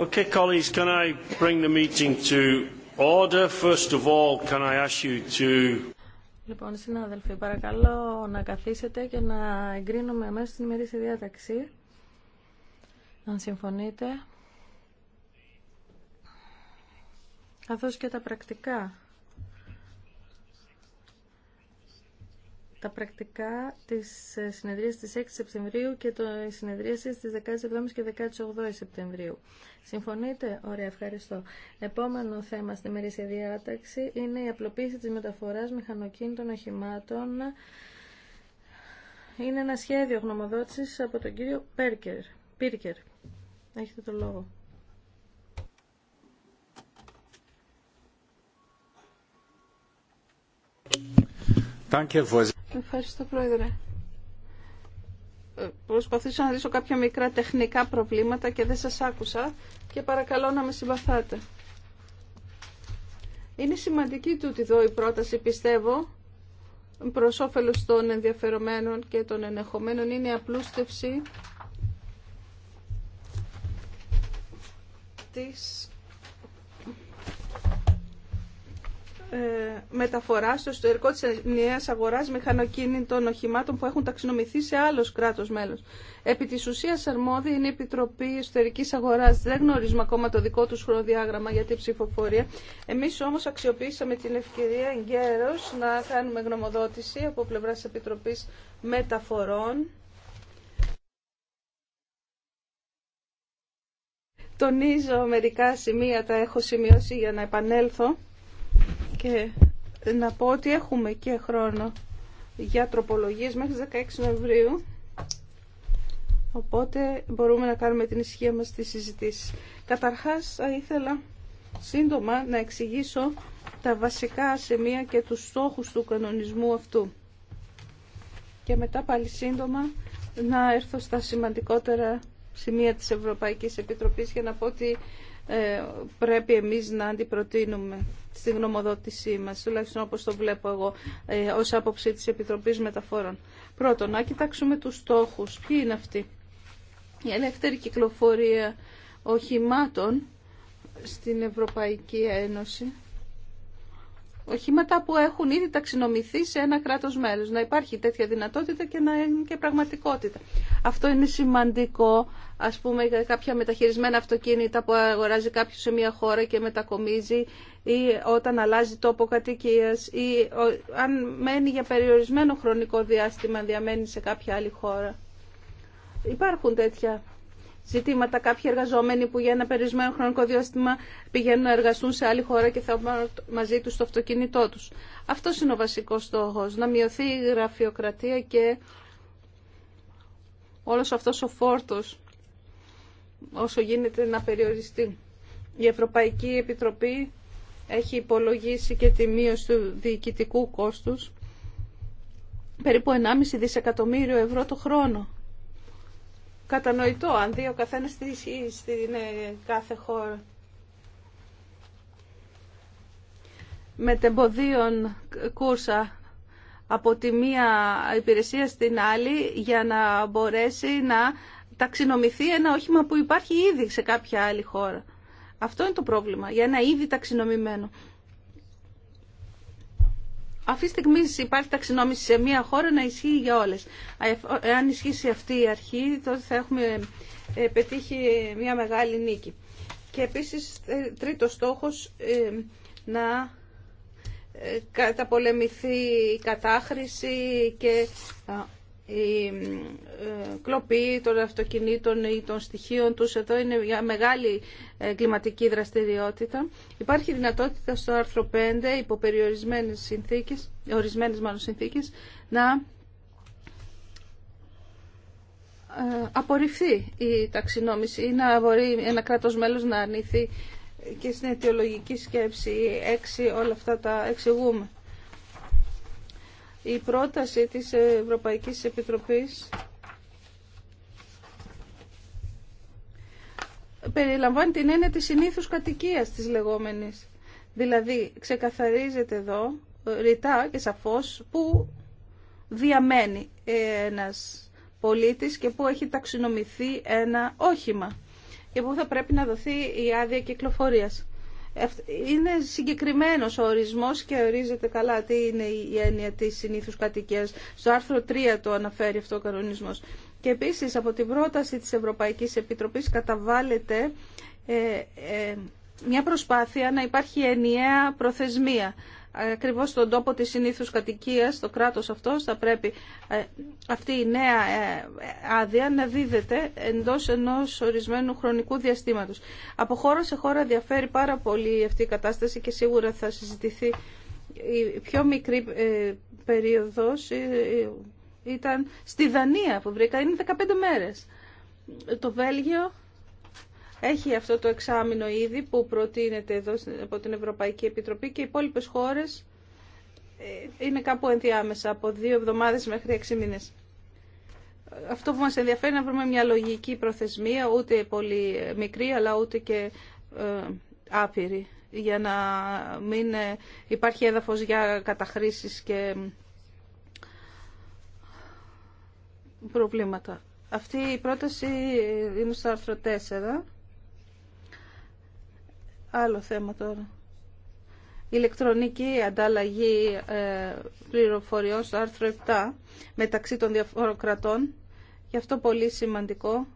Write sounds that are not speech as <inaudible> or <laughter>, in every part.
Okay, colleagues, can I bring the meeting to order? First of all, can I ask you to... Λοιπόν, συνάδελφοι, παρακαλώ να καθίσετε και να εγκρίνουμε αμέσως την ημερήσια διάταξη. Αν συμφωνείτε. Καθώς και τα πρακτικά τα πρακτικά της ε, συνεδρίας της 6 Σεπτεμβρίου και το συνεδρίασης της 17 και 18 Σεπτεμβρίου. Συμφωνείτε? Ωραία, ευχαριστώ. Επόμενο θέμα στη μερίσια διάταξη είναι η απλοποίηση της μεταφοράς μηχανοκίνητων οχημάτων. Είναι ένα σχέδιο γνωμοδότησης από τον κύριο Πέρκερ. Πίρκερ. Έχετε το λόγο. Danke, Ευχαριστώ, Πρόεδρε. Ε, Προσπαθήσω να λύσω κάποια μικρά τεχνικά προβλήματα και δεν σας άκουσα και παρακαλώ να με συμπαθάτε. Είναι σημαντική τούτη εδώ η πρόταση, πιστεύω, προ όφελο των ενδιαφερομένων και των ενεχομένων είναι απλούστευση της Ε, μεταφορά στο εσωτερικό της ενιαία αγοράς μηχανοκίνητων οχημάτων που έχουν ταξινομηθεί σε άλλο κράτο μέλο. Επί της ουσίας αρμόδια είναι η Επιτροπή εσωτερική αγορά Δεν γνωρίζουμε ακόμα το δικό του χρονοδιάγραμμα για την ψηφοφορία. Εμεί όμω αξιοποιήσαμε την ευκαιρία εγκαίρω να κάνουμε γνωμοδότηση από πλευρά τη επιτροπή Μεταφορών. Τονίζω μερικά σημεία, τα έχω σημειώσει για να επανέλθω. Και να πω ότι έχουμε και χρόνο για τροπολογίες μέχρι 16 Νοεμβρίου. Οπότε μπορούμε να κάνουμε την ισχύα μας στις συζητήσεις. Καταρχάς θα ήθελα σύντομα να εξηγήσω τα βασικά σημεία και τους στόχους του κανονισμού αυτού. Και μετά πάλι σύντομα να έρθω στα σημαντικότερα σημεία της Ευρωπαϊκής Επιτροπής για να πω ότι ε, πρέπει εμείς να αντιπροτείνουμε στη γνωμοδότησή μας, τουλάχιστον όπως το βλέπω εγώ, ε, ως άποψη της Επιτροπής Μεταφόρων. Πρώτον, να κοιτάξουμε τους στόχους. Ποιοι είναι αυτοί. Η ελεύθερη κυκλοφορία οχημάτων στην Ευρωπαϊκή Ένωση οχήματα που έχουν ήδη ταξινομηθεί σε ένα κράτος μέλος. Να υπάρχει τέτοια δυνατότητα και να είναι και πραγματικότητα. Αυτό είναι σημαντικό, ας πούμε, για κάποια μεταχειρισμένα αυτοκίνητα που αγοράζει κάποιος σε μια χώρα και μετακομίζει ή όταν αλλάζει τόπο κατοικίας ή αν μένει για περιορισμένο χρονικό διάστημα, διαμένει σε κάποια άλλη χώρα. Υπάρχουν τέτοια ζητήματα κάποιοι εργαζόμενοι που για ένα περιορισμένο χρονικό διάστημα πηγαίνουν να εργαστούν σε άλλη χώρα και θα πάρουν μαζί του το αυτοκίνητό τους. Αυτό είναι ο βασικός στόχος, να μειωθεί η γραφειοκρατία και όλος αυτός ο φόρτος όσο γίνεται να περιοριστεί. Η Ευρωπαϊκή Επιτροπή έχει υπολογίσει και τη μείωση του διοικητικού κόστους περίπου 1,5 δισεκατομμύριο ευρώ το χρόνο κατανοητό αν δει ο καθένας τι ισχύει στην ε, κάθε χώρα. τεμποδίων κούρσα από τη μία υπηρεσία στην άλλη για να μπορέσει να ταξινομηθεί ένα όχημα που υπάρχει ήδη σε κάποια άλλη χώρα. Αυτό είναι το πρόβλημα, για ένα ήδη ταξινομημένο. Αυτή τη στιγμή υπάρχει ταξινόμηση σε μία χώρα να ισχύει για όλες. Αν ισχύσει αυτή η αρχή, τότε θα έχουμε ε, πετύχει μία μεγάλη νίκη. Και επίσης, τρίτος στόχος, ε, να ε, καταπολεμηθεί η κατάχρηση και η ε, κλοπή των αυτοκινήτων ή των στοιχείων τους εδώ είναι μια μεγάλη ε, κλιματική δραστηριότητα. Υπάρχει δυνατότητα στο άρθρο 5 υπό περιορισμένες συνθήκες, ορισμένες μάλλον συνθήκες, να ε, απορριφθεί η ταξινόμηση ή να μπορεί ένα κράτος μέλος να αρνηθεί και στην αιτιολογική σκέψη 6 όλα αυτά τα εξηγούμε η πρόταση της Ευρωπαϊκής Επιτροπής περιλαμβάνει την έννοια της συνήθους κατοικίας της λεγόμενης. Δηλαδή ξεκαθαρίζεται εδώ ε, ρητά και σαφώς που διαμένει ένας πολίτης και που έχει ταξινομηθεί ένα όχημα και που θα πρέπει να δοθεί η άδεια κυκλοφορίας. Είναι συγκεκριμένος ο ορισμός και ορίζεται καλά τι είναι η έννοια της συνήθους κατοικίας. Στο άρθρο 3 το αναφέρει αυτό ο κανονισμός. Και επίσης από την πρόταση της Ευρωπαϊκής Επιτροπής καταβάλλεται ε, ε, μια προσπάθεια να υπάρχει ενιαία προθεσμία ακριβώ στον τόπο της συνήθους κατοικίας, το κράτος αυτό, θα πρέπει ε, αυτή η νέα ε, άδεια να δίδεται εντός ενός ορισμένου χρονικού διαστήματος. Από χώρα σε χώρα διαφέρει πάρα πολύ αυτή η κατάσταση και σίγουρα θα συζητηθεί η πιο μικρή ε, περίοδος ήταν στη Δανία που βρήκα, είναι 15 μέρες. Το Βέλγιο έχει αυτό το εξάμεινο ήδη που προτείνεται εδώ από την Ευρωπαϊκή Επιτροπή και οι υπόλοιπε χώρε ε, είναι κάπου ενδιάμεσα, από δύο εβδομάδες μέχρι έξι μήνες. Αυτό που μας ενδιαφέρει είναι να βρούμε μια λογική προθεσμία, ούτε πολύ ε, μικρή αλλά ούτε και ε, άπειρη, για να μην υπάρχει έδαφος για καταχρήσει και προβλήματα. Αυτή η πρόταση είναι στο άρθρο 4 Άλλο θέμα τώρα. Ηλεκτρονική ανταλλαγή ε, πληροφοριών στο άρθρο 7 μεταξύ των διαφόρων κρατών. Γι' αυτό πολύ σημαντικό.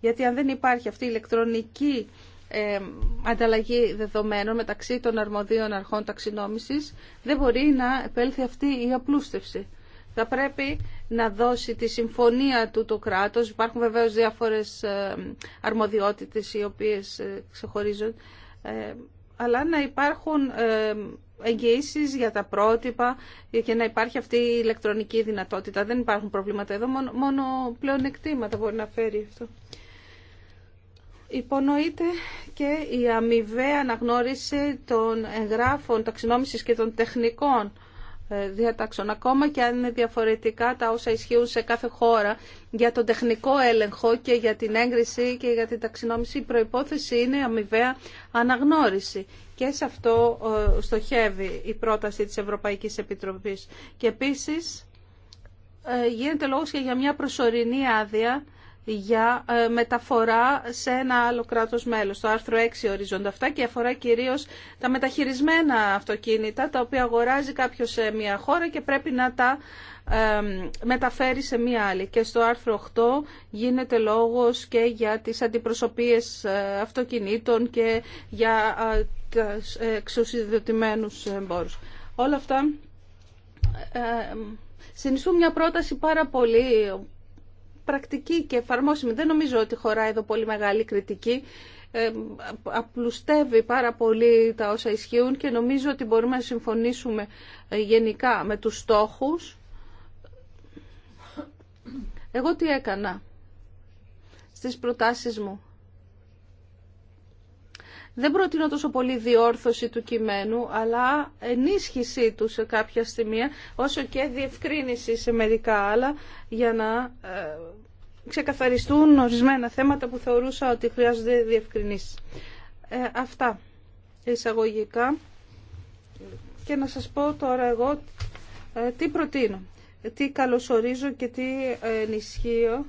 Γιατί αν δεν υπάρχει αυτή η ηλεκτρονική ε, ανταλλαγή δεδομένων μεταξύ των αρμοδίων αρχών ταξινόμησης, δεν μπορεί να επέλθει αυτή η απλούστευση. Θα πρέπει να δώσει τη συμφωνία του το κράτος. Υπάρχουν βεβαίως διάφορες ε, αρμοδιότητες οι οποίες ξεχωρίζονται ε, αλλά να υπάρχουν ε, εγγυήσει για τα πρότυπα και να υπάρχει αυτή η ηλεκτρονική δυνατότητα. Δεν υπάρχουν προβλήματα εδώ, μόνο πλέον εκτίματα μπορεί να φέρει αυτό. Υπονοείται και η αμοιβαία αναγνώριση των εγγράφων ταξινόμησης και των τεχνικών ε, διατάξεων. Ακόμα και αν είναι διαφορετικά τα όσα ισχύουν σε κάθε χώρα για τον τεχνικό έλεγχο και για την έγκριση και για την ταξινόμηση, η προϋπόθεση είναι αμοιβαία αναγνώριση. Και σε αυτό ε, στοχεύει η πρόταση της Ευρωπαϊκής Επιτροπής. Και επίσης ε, γίνεται λόγος και για μια προσωρινή άδεια για ε, μεταφορά σε ένα άλλο κράτος μέλος. Το άρθρο 6 οριζόνται αυτά και αφορά κυρίως τα μεταχειρισμένα αυτοκίνητα τα οποία αγοράζει κάποιος σε μια χώρα και πρέπει να τα μεταφέρει σε μια άλλη. Και στο άρθρο 8 γίνεται λόγος και για τις αντιπροσωπείες ε, αυτοκινήτων και για ε, τους εξουσιοδοτημένους εμπόρους. Όλα αυτά συνιστούν μια πρόταση πάρα πολύ πρακτική και εφαρμόσιμη. Δεν νομίζω ότι χωράει εδώ πολύ μεγάλη κριτική. Ε, απλουστεύει πάρα πολύ τα όσα ισχύουν και νομίζω ότι μπορούμε να συμφωνήσουμε ε, γενικά με τους στόχους. Εγώ τι έκανα στις προτάσεις μου. Δεν προτείνω τόσο πολύ διόρθωση του κειμένου, αλλά ενίσχυσή του σε κάποια στιγμή, όσο και διευκρίνηση σε μερικά άλλα, για να ε, ξεκαθαριστούν ορισμένα θέματα που θεωρούσα ότι χρειάζονται διευκρινήσεις. Ε, αυτά εισαγωγικά. Και να σας πω τώρα εγώ ε, τι προτείνω, τι καλωσορίζω και τι ενισχύω.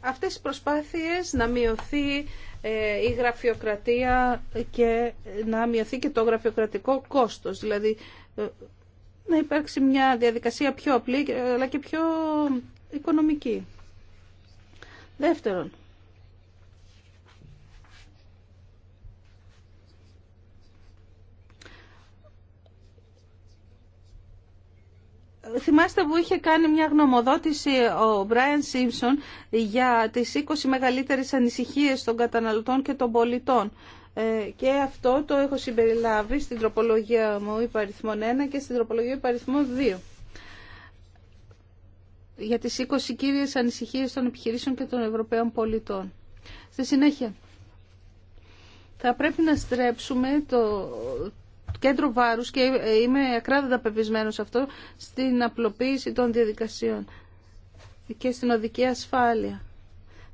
Αυτές οι προσπάθειες να μειωθεί ε, η γραφειοκρατία και να μειωθεί και το γραφειοκρατικό κόστος. Δηλαδή ε, να υπάρξει μια διαδικασία πιο απλή αλλά και πιο οικονομική. Δεύτερον, Θυμάστε που είχε κάνει μια γνωμοδότηση ο Μπράιν Σίμψον για τις 20 μεγαλύτερες ανησυχίες των καταναλωτών και των πολιτών. Ε, και αυτό το έχω συμπεριλάβει στην τροπολογία μου υπαριθμών 1 και στην τροπολογία υπαριθμών 2 για τις 20 κύριες ανησυχίες των επιχειρήσεων και των Ευρωπαίων πολιτών. Στη συνέχεια, θα πρέπει να στρέψουμε το κέντρο βάρους και είμαι ακράδαντα σε αυτό στην απλοποίηση των διαδικασιών και στην οδική ασφάλεια.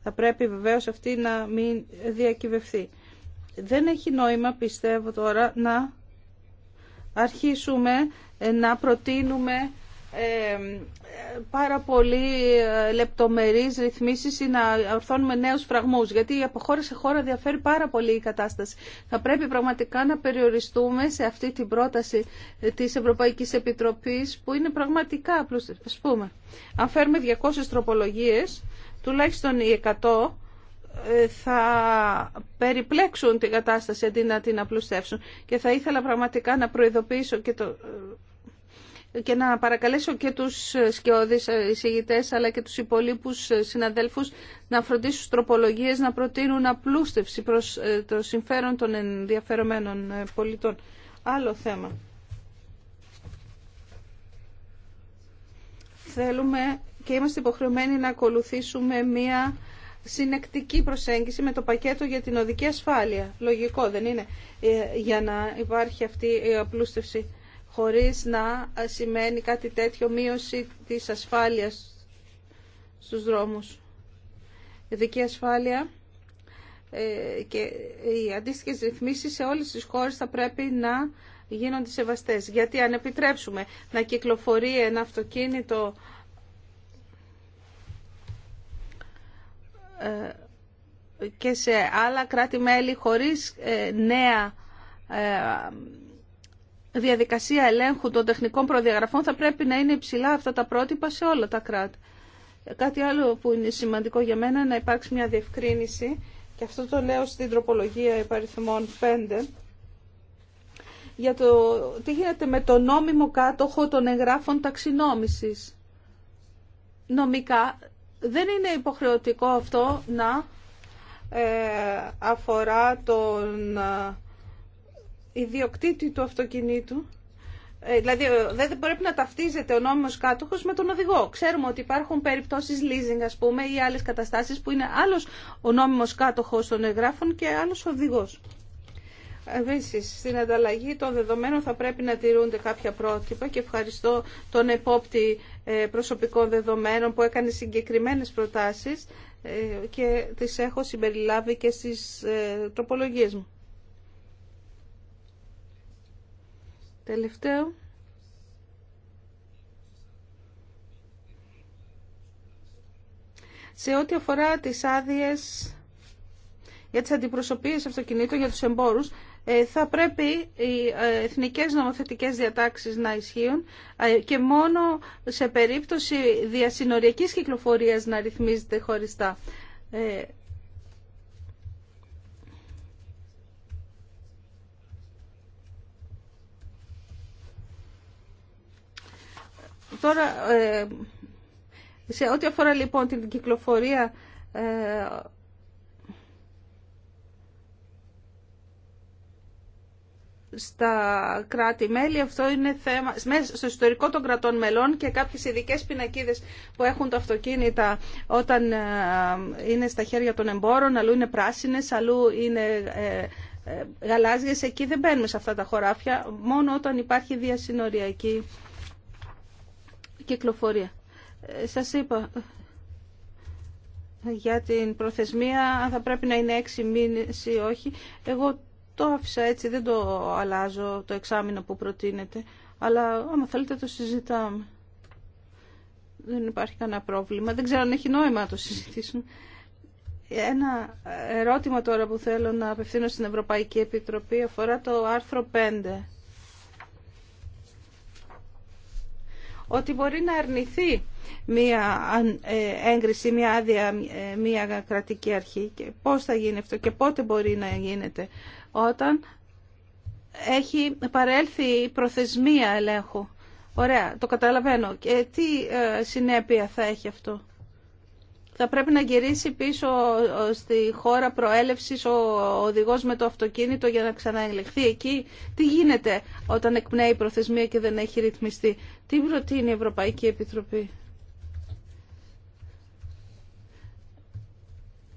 Θα πρέπει βεβαίω αυτή να μην διακυβευθεί. Δεν έχει νόημα, πιστεύω τώρα, να αρχίσουμε να προτείνουμε ε, πάρα πολύ ε, λεπτομερείς ρυθμίσεις ή να ορθώνουμε νέους φραγμούς, γιατί από χώρα σε χώρα διαφέρει πάρα πολύ η κατάσταση. Θα πρέπει πραγματικά να περιοριστούμε σε αυτή την πρόταση ε, της Ευρωπαϊκής Επιτροπής, που είναι πραγματικά, απλώς, ας πούμε, αν φέρουμε 200 τροπολογίες, τουλάχιστον οι 100 θα περιπλέξουν την κατάσταση αντί να την απλουστεύσουν. Και θα ήθελα πραγματικά να προειδοποιήσω και το και να παρακαλέσω και τους σκιώδεις εισηγητέ, αλλά και τους υπολείπους συναδέλφους να φροντίσουν τις τροπολογίες να προτείνουν απλούστευση προς ε, το συμφέρον των ενδιαφερομένων ε, πολιτών. Άλλο θέμα. Θέλουμε και είμαστε υποχρεωμένοι να ακολουθήσουμε μία συνεκτική προσέγγιση με το πακέτο για την οδική ασφάλεια. Λογικό δεν είναι ε, για να υπάρχει αυτή η απλούστευση χωρίς να σημαίνει κάτι τέτοιο μείωση της ασφάλειας στους δρόμους. ειδική δική ασφάλεια ε, και οι αντίστοιχες ρυθμίσεις σε όλες τις χώρες θα πρέπει να γίνονται σεβαστές. Γιατί αν επιτρέψουμε να κυκλοφορεί ένα αυτοκίνητο ε, και σε άλλα κράτη-μέλη χωρίς ε, νέα διαδικασία ελέγχου των τεχνικών προδιαγραφών θα πρέπει να είναι υψηλά αυτά τα πρότυπα σε όλα τα κράτη. Κάτι άλλο που είναι σημαντικό για μένα είναι να υπάρξει μια διευκρίνηση και αυτό το λέω στην τροπολογία υπαριθμών 5 για το τι γίνεται με το νόμιμο κάτοχο των εγγράφων ταξινόμησης. Νομικά δεν είναι υποχρεωτικό αυτό να ε, αφορά τον ιδιοκτήτη του αυτοκινήτου, ε, δηλαδή δεν πρέπει να ταυτίζεται ο νόμιμος κάτοχος με τον οδηγό. Ξέρουμε ότι υπάρχουν περιπτώσεις leasing ας πούμε ή άλλες καταστάσεις που είναι άλλος ο νόμιμος κάτοχος των εγγράφων και άλλος ο οδηγός. Επίση, στην ανταλλαγή των δεδομένων θα πρέπει να τηρούνται κάποια πρότυπα και ευχαριστώ τον επόπτη ε, προσωπικών δεδομένων που έκανε συγκεκριμένες προτάσεις ε, και τις έχω συμπεριλάβει και στις τροπολογίες μου. Τελευταίο. Σε ό,τι αφορά τις άδειες για τις αντιπροσωπείες αυτοκινήτων για τους εμπόρους, ε, θα πρέπει οι ε, εθνικές νομοθετικές διατάξεις να ισχύουν ε, και μόνο σε περίπτωση διασυνοριακής κυκλοφορίας να ρυθμίζεται χωριστά. Τώρα, ε, σε ό,τι αφορά λοιπόν την κυκλοφορία ε, στα κράτη-μέλη, αυτό είναι θέμα στο ιστορικό των κρατών μελών και κάποιες ειδικέ πινακίδες που έχουν τα αυτοκίνητα όταν ε, είναι στα χέρια των εμπόρων, αλλού είναι πράσινες, αλλού είναι γαλάζιες, εκεί δεν μπαίνουμε σε αυτά τα χωράφια, μόνο όταν υπάρχει διασυνοριακή κυκλοφορία. Ε, σας είπα, ε, για την προθεσμία, αν θα πρέπει να είναι έξι μήνες ή όχι. Εγώ το άφησα έτσι, δεν το αλλάζω το εξάμεινο που προτείνεται. Αλλά άμα θέλετε το συζητάμε. Δεν υπάρχει κανένα πρόβλημα. Δεν ξέρω αν έχει νόημα να το συζητήσουμε. Ένα ερώτημα τώρα που θέλω να απευθύνω στην Ευρωπαϊκή Επιτροπή αφορά το άρθρο 5 ότι μπορεί να αρνηθεί μία ε, έγκριση, μία άδεια, ε, μία κρατική αρχή και πώς θα γίνει αυτό και πότε μπορεί να γίνεται όταν έχει παρέλθει η προθεσμία ελέγχου. Ωραία, το καταλαβαίνω. Και τι ε, συνέπεια θα έχει αυτό θα πρέπει να γυρίσει πίσω στη χώρα προέλευσης ο οδηγός με το αυτοκίνητο για να ξαναελεχθεί εκεί. Τι γίνεται όταν εκπνέει η προθεσμία και δεν έχει ρυθμιστεί. Τι προτείνει η Ευρωπαϊκή Επιτροπή.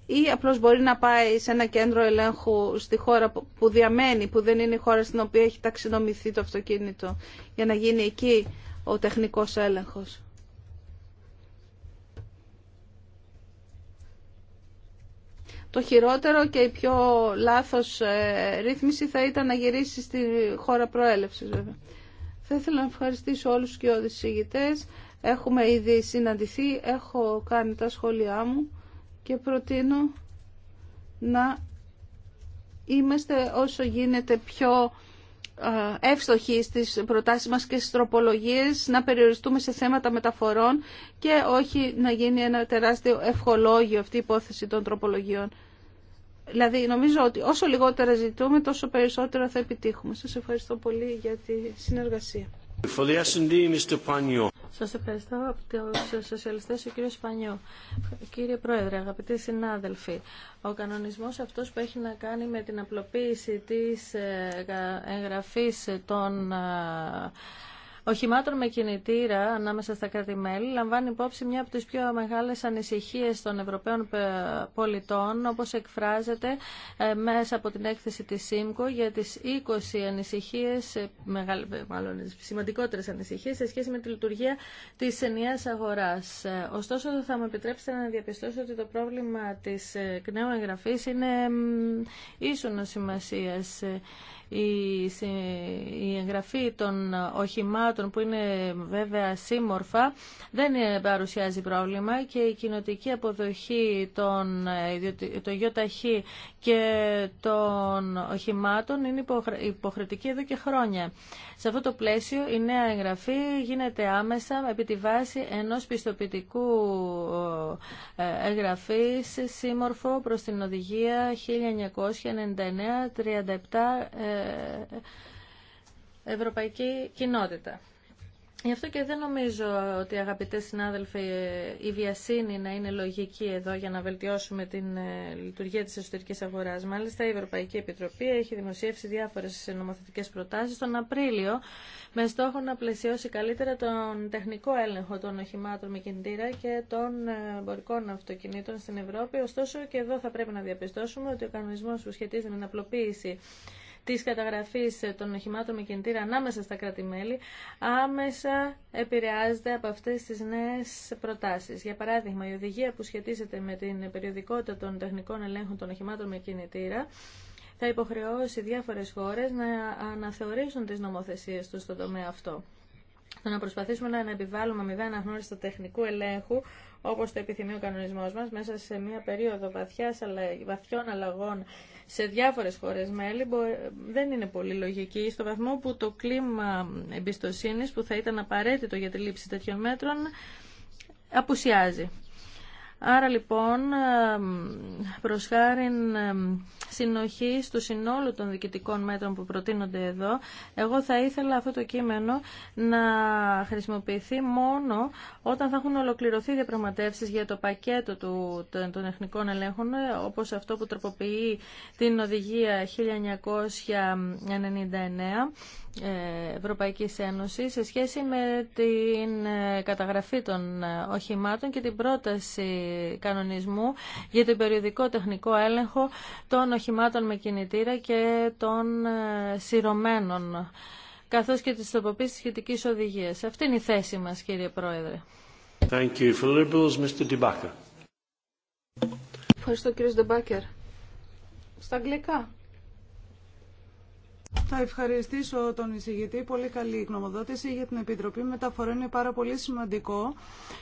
Ή απλώς μπορεί να πάει σε ένα κέντρο ελέγχου στη χώρα που διαμένει, που δεν είναι η χώρα στην οποία έχει ταξινομηθεί το αυτοκίνητο, για να γίνει εκεί ο τεχνικός έλεγχος. Το χειρότερο και η πιο λάθος ε, ρύθμιση θα ήταν να γυρίσει στη χώρα προέλευσης βέβαια. Θα ήθελα να ευχαριστήσω όλους και όλους τους Έχουμε ήδη συναντηθεί, έχω κάνει τα σχόλιά μου και προτείνω να είμαστε όσο γίνεται πιο ε, εύστοχοι στις προτάσεις μας και στις τροπολογίες να περιοριστούμε σε θέματα μεταφορών και όχι να γίνει ένα τεράστιο ευχολόγιο αυτή η υπόθεση των τροπολογιών. Δηλαδή νομίζω ότι όσο λιγότερα ζητούμε τόσο περισσότερο θα επιτύχουμε. Σας ευχαριστώ πολύ για τη συνεργασία. Σας ευχαριστώ από τους σοσιαλιστές, ο κύριος Πανιού. Κύριε Πρόεδρε, αγαπητοί συνάδελφοι, ο κανονισμός αυτός που έχει να κάνει με την απλοποίηση της ε, εγγραφής των ε, οχημάτων με κινητήρα ανάμεσα στα κράτη-μέλη λαμβάνει υπόψη μια από τις πιο μεγάλες ανησυχίες των Ευρωπαίων πολιτών όπως εκφράζεται ε, μέσα από την έκθεση της ΣΥΜΚΟ για τις 20 ανησυχίες, ε, ε, μάλλον σημαντικότερες ανησυχίες σε σχέση με τη λειτουργία της ενιαίας αγοράς. Ωστόσο θα μου επιτρέψετε να διαπιστώσω ότι το πρόβλημα της κνέου εγγραφής είναι ίσονο σημασίας η εγγραφή των οχημάτων που είναι βέβαια σύμμορφα δεν ε, παρουσιάζει πρόβλημα και η κοινοτική αποδοχή των ε, το γιοταχή και των οχημάτων είναι υποχρεωτική εδώ και χρόνια. Σε αυτό το πλαίσιο η νέα εγγραφή γίνεται άμεσα επί τη βάση ενός πιστοποιητικού ε, εγγραφής σύμμορφο προς την οδηγία 1999-37 ευρωπαϊκή κοινότητα. Γι' αυτό και δεν νομίζω ότι αγαπητές συνάδελφοι η βιασύνη να είναι λογική εδώ για να βελτιώσουμε την ε, λειτουργία της εσωτερικής αγοράς. Μάλιστα η Ευρωπαϊκή Επιτροπή έχει δημοσιεύσει διάφορες νομοθετικές προτάσεις τον Απρίλιο με στόχο να πλαισιώσει καλύτερα τον τεχνικό έλεγχο των οχημάτων με κινητήρα και των εμπορικών αυτοκινήτων στην Ευρώπη. Ωστόσο και εδώ θα πρέπει να διαπιστώσουμε ότι ο κανονισμός που σχετίζεται με την απλοποίηση τη καταγραφή των οχημάτων με κινητήρα ανάμεσα στα κράτη-μέλη άμεσα επηρεάζεται από αυτές τις νέες προτάσεις. Για παράδειγμα, η οδηγία που σχετίζεται με την περιοδικότητα των τεχνικών ελέγχων των οχημάτων με κινητήρα θα υποχρεώσει διάφορες χώρε να αναθεωρήσουν τις νομοθεσίες του στον τομέα αυτό. Το να προσπαθήσουμε να επιβάλλουμε μηδέν αναγνώριση του τεχνικού ελέγχου Όπω το επιθυμεί ο κανονισμό μας, μέσα σε μια περίοδο βαθιάς, βαθιών αλλαγών σε διάφορες χώρες μέλη, δεν είναι πολύ λογική, στο βαθμό που το κλίμα εμπιστοσύνη που θα ήταν απαραίτητο για τη λήψη τέτοιων μέτρων απουσιάζει. Άρα λοιπόν προς χάρη συνοχή του συνόλου των διοικητικών μέτρων που προτείνονται εδώ, εγώ θα ήθελα αυτό το κείμενο να χρησιμοποιηθεί μόνο όταν θα έχουν ολοκληρωθεί διαπραγματεύσει για το πακέτο του, των εθνικών ελέγχων, ε, όπως αυτό που τροποποιεί την οδηγία 1999 ε, Ευρωπαϊκής Ένωσης σε σχέση με την ε, καταγραφή των ε, οχημάτων και την πρόταση κανονισμού για τον περιοδικό τεχνικό έλεγχο των οχημάτων με κινητήρα και των σειρωμένων καθώς και της τοποποίησης σχετικής οδηγίας. Αυτή είναι η θέση μας, κύριε Πρόεδρε. Ευχαριστώ, κύριε Ντεμπάκερ. Στα αγγλικά. Θα ευχαριστήσω τον εισηγητή. Πολύ καλή γνωμοδότηση για την Επιτροπή Μεταφορών. Είναι πάρα πολύ σημαντικό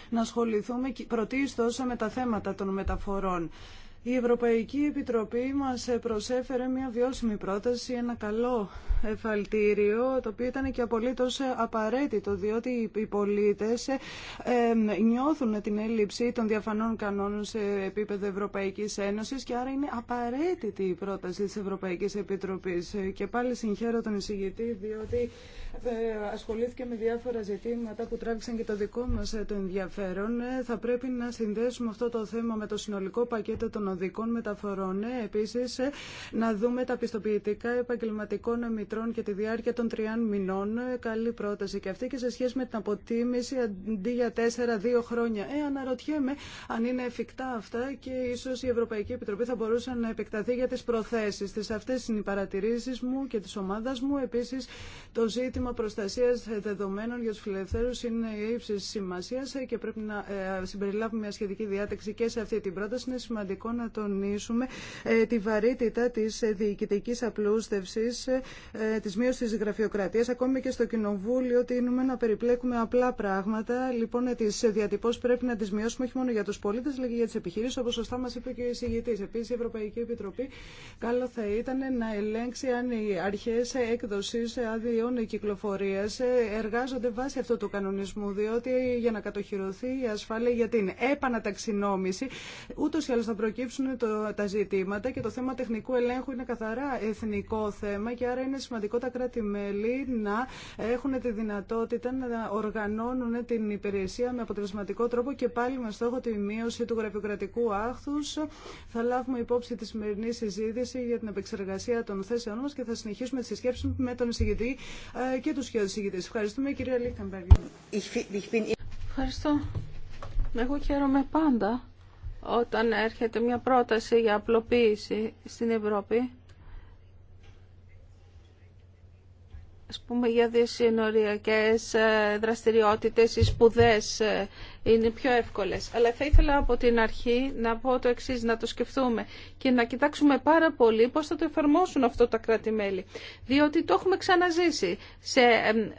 να ασχοληθούμε πρωτίστως με τα θέματα των μεταφορών. Η Ευρωπαϊκή Επιτροπή μας προσέφερε μια βιώσιμη πρόταση, ένα καλό εφαλτήριο, το οποίο ήταν και απολύτως απαραίτητο, διότι οι πολίτες νιώθουν την έλλειψη των διαφανών κανόνων σε επίπεδο Ευρωπαϊκής Ένωσης και άρα είναι απαραίτητη η πρόταση της Ευρωπαϊκής Επιτροπής. Και πάλι συγχαίρω τον εισηγητή, διότι ε, ασχολήθηκε με διάφορα ζητήματα που τράβηξαν και το δικό μας το ενδιαφέρον. Ε, θα πρέπει να συνδέσουμε αυτό το θέμα με το συνολικό πακέτο των οδικών μεταφορών. Ναι, επίσης, να δούμε τα πιστοποιητικά επαγγελματικών μητρών και τη διάρκεια των τριών μηνών. Καλή πρόταση και αυτή και σε σχέση με την αποτίμηση αντί για τέσσερα-δύο χρόνια. Ε, αναρωτιέμαι αν είναι εφικτά αυτά και ίσω η Ευρωπαϊκή Επιτροπή θα μπορούσε να επεκταθεί για τι προθέσει τη αυτέ είναι οι παρατηρήσεις μου και τη ομάδα μου. Επίση, το ζήτημα προστασία δεδομένων για του φιλελευθέρου είναι ύψη σημασία, και πρέπει να ε, συμπεριλάβουμε μια σχετική διάταξη και σε αυτή την πρόταση. Είναι σημαντικό να τονίσουμε ε, τη βαρύτητα της διοικητικής απλούστευσης, ε, της μείωσης της γραφειοκρατίας. Ακόμη και στο Κοινοβούλιο είναι να περιπλέκουμε απλά πράγματα. Λοιπόν, ε, τις διατυπώσεις πρέπει να τις μειώσουμε όχι μόνο για τους πολίτες, αλλά και για τις επιχειρήσεις, όπως σωστά μας είπε και ο εισηγητής. Επίσης, η Ευρωπαϊκή Επιτροπή καλό θα ήταν να ελέγξει αν οι αρχές έκδοσης αδειών κυκλοφορίας εργάζονται βάσει αυτού του κανονισμού, διότι για να κατοχυρωθεί η ασφάλεια για την επαναταξινόμηση, ούτως ή άλλως θα προκύψει καλύψουν το, τα ζητήματα και το θέμα τεχνικού ελέγχου είναι καθαρά εθνικό θέμα και άρα είναι σημαντικό τα κράτη-μέλη να έχουν τη δυνατότητα να οργανώνουν την υπηρεσία με αποτελεσματικό τρόπο και πάλι με στόχο τη μείωση του γραφειοκρατικού άχθου. Θα λάβουμε υπόψη τη σημερινή συζήτηση για την επεξεργασία των θέσεων μα και θα συνεχίσουμε τις συσκέψεις με τον εισηγητή ε, και του σχεδόν εισηγητές. Ευχαριστούμε κυρία Λίχτεμπεργκ. Ευχαριστώ. Εγώ χαίρομαι πάντα όταν έρχεται μια πρόταση για απλοποίηση στην Ευρώπη, ας πούμε για ε, δραστηριότητες ή σπουδές ε, είναι πιο εύκολες. Αλλά θα ήθελα από την αρχή να πω το εξή να το σκεφτούμε και να κοιτάξουμε πάρα πολύ πώς θα το εφαρμόσουν αυτό τα κράτη-μέλη. Διότι το έχουμε ξαναζήσει σε ε,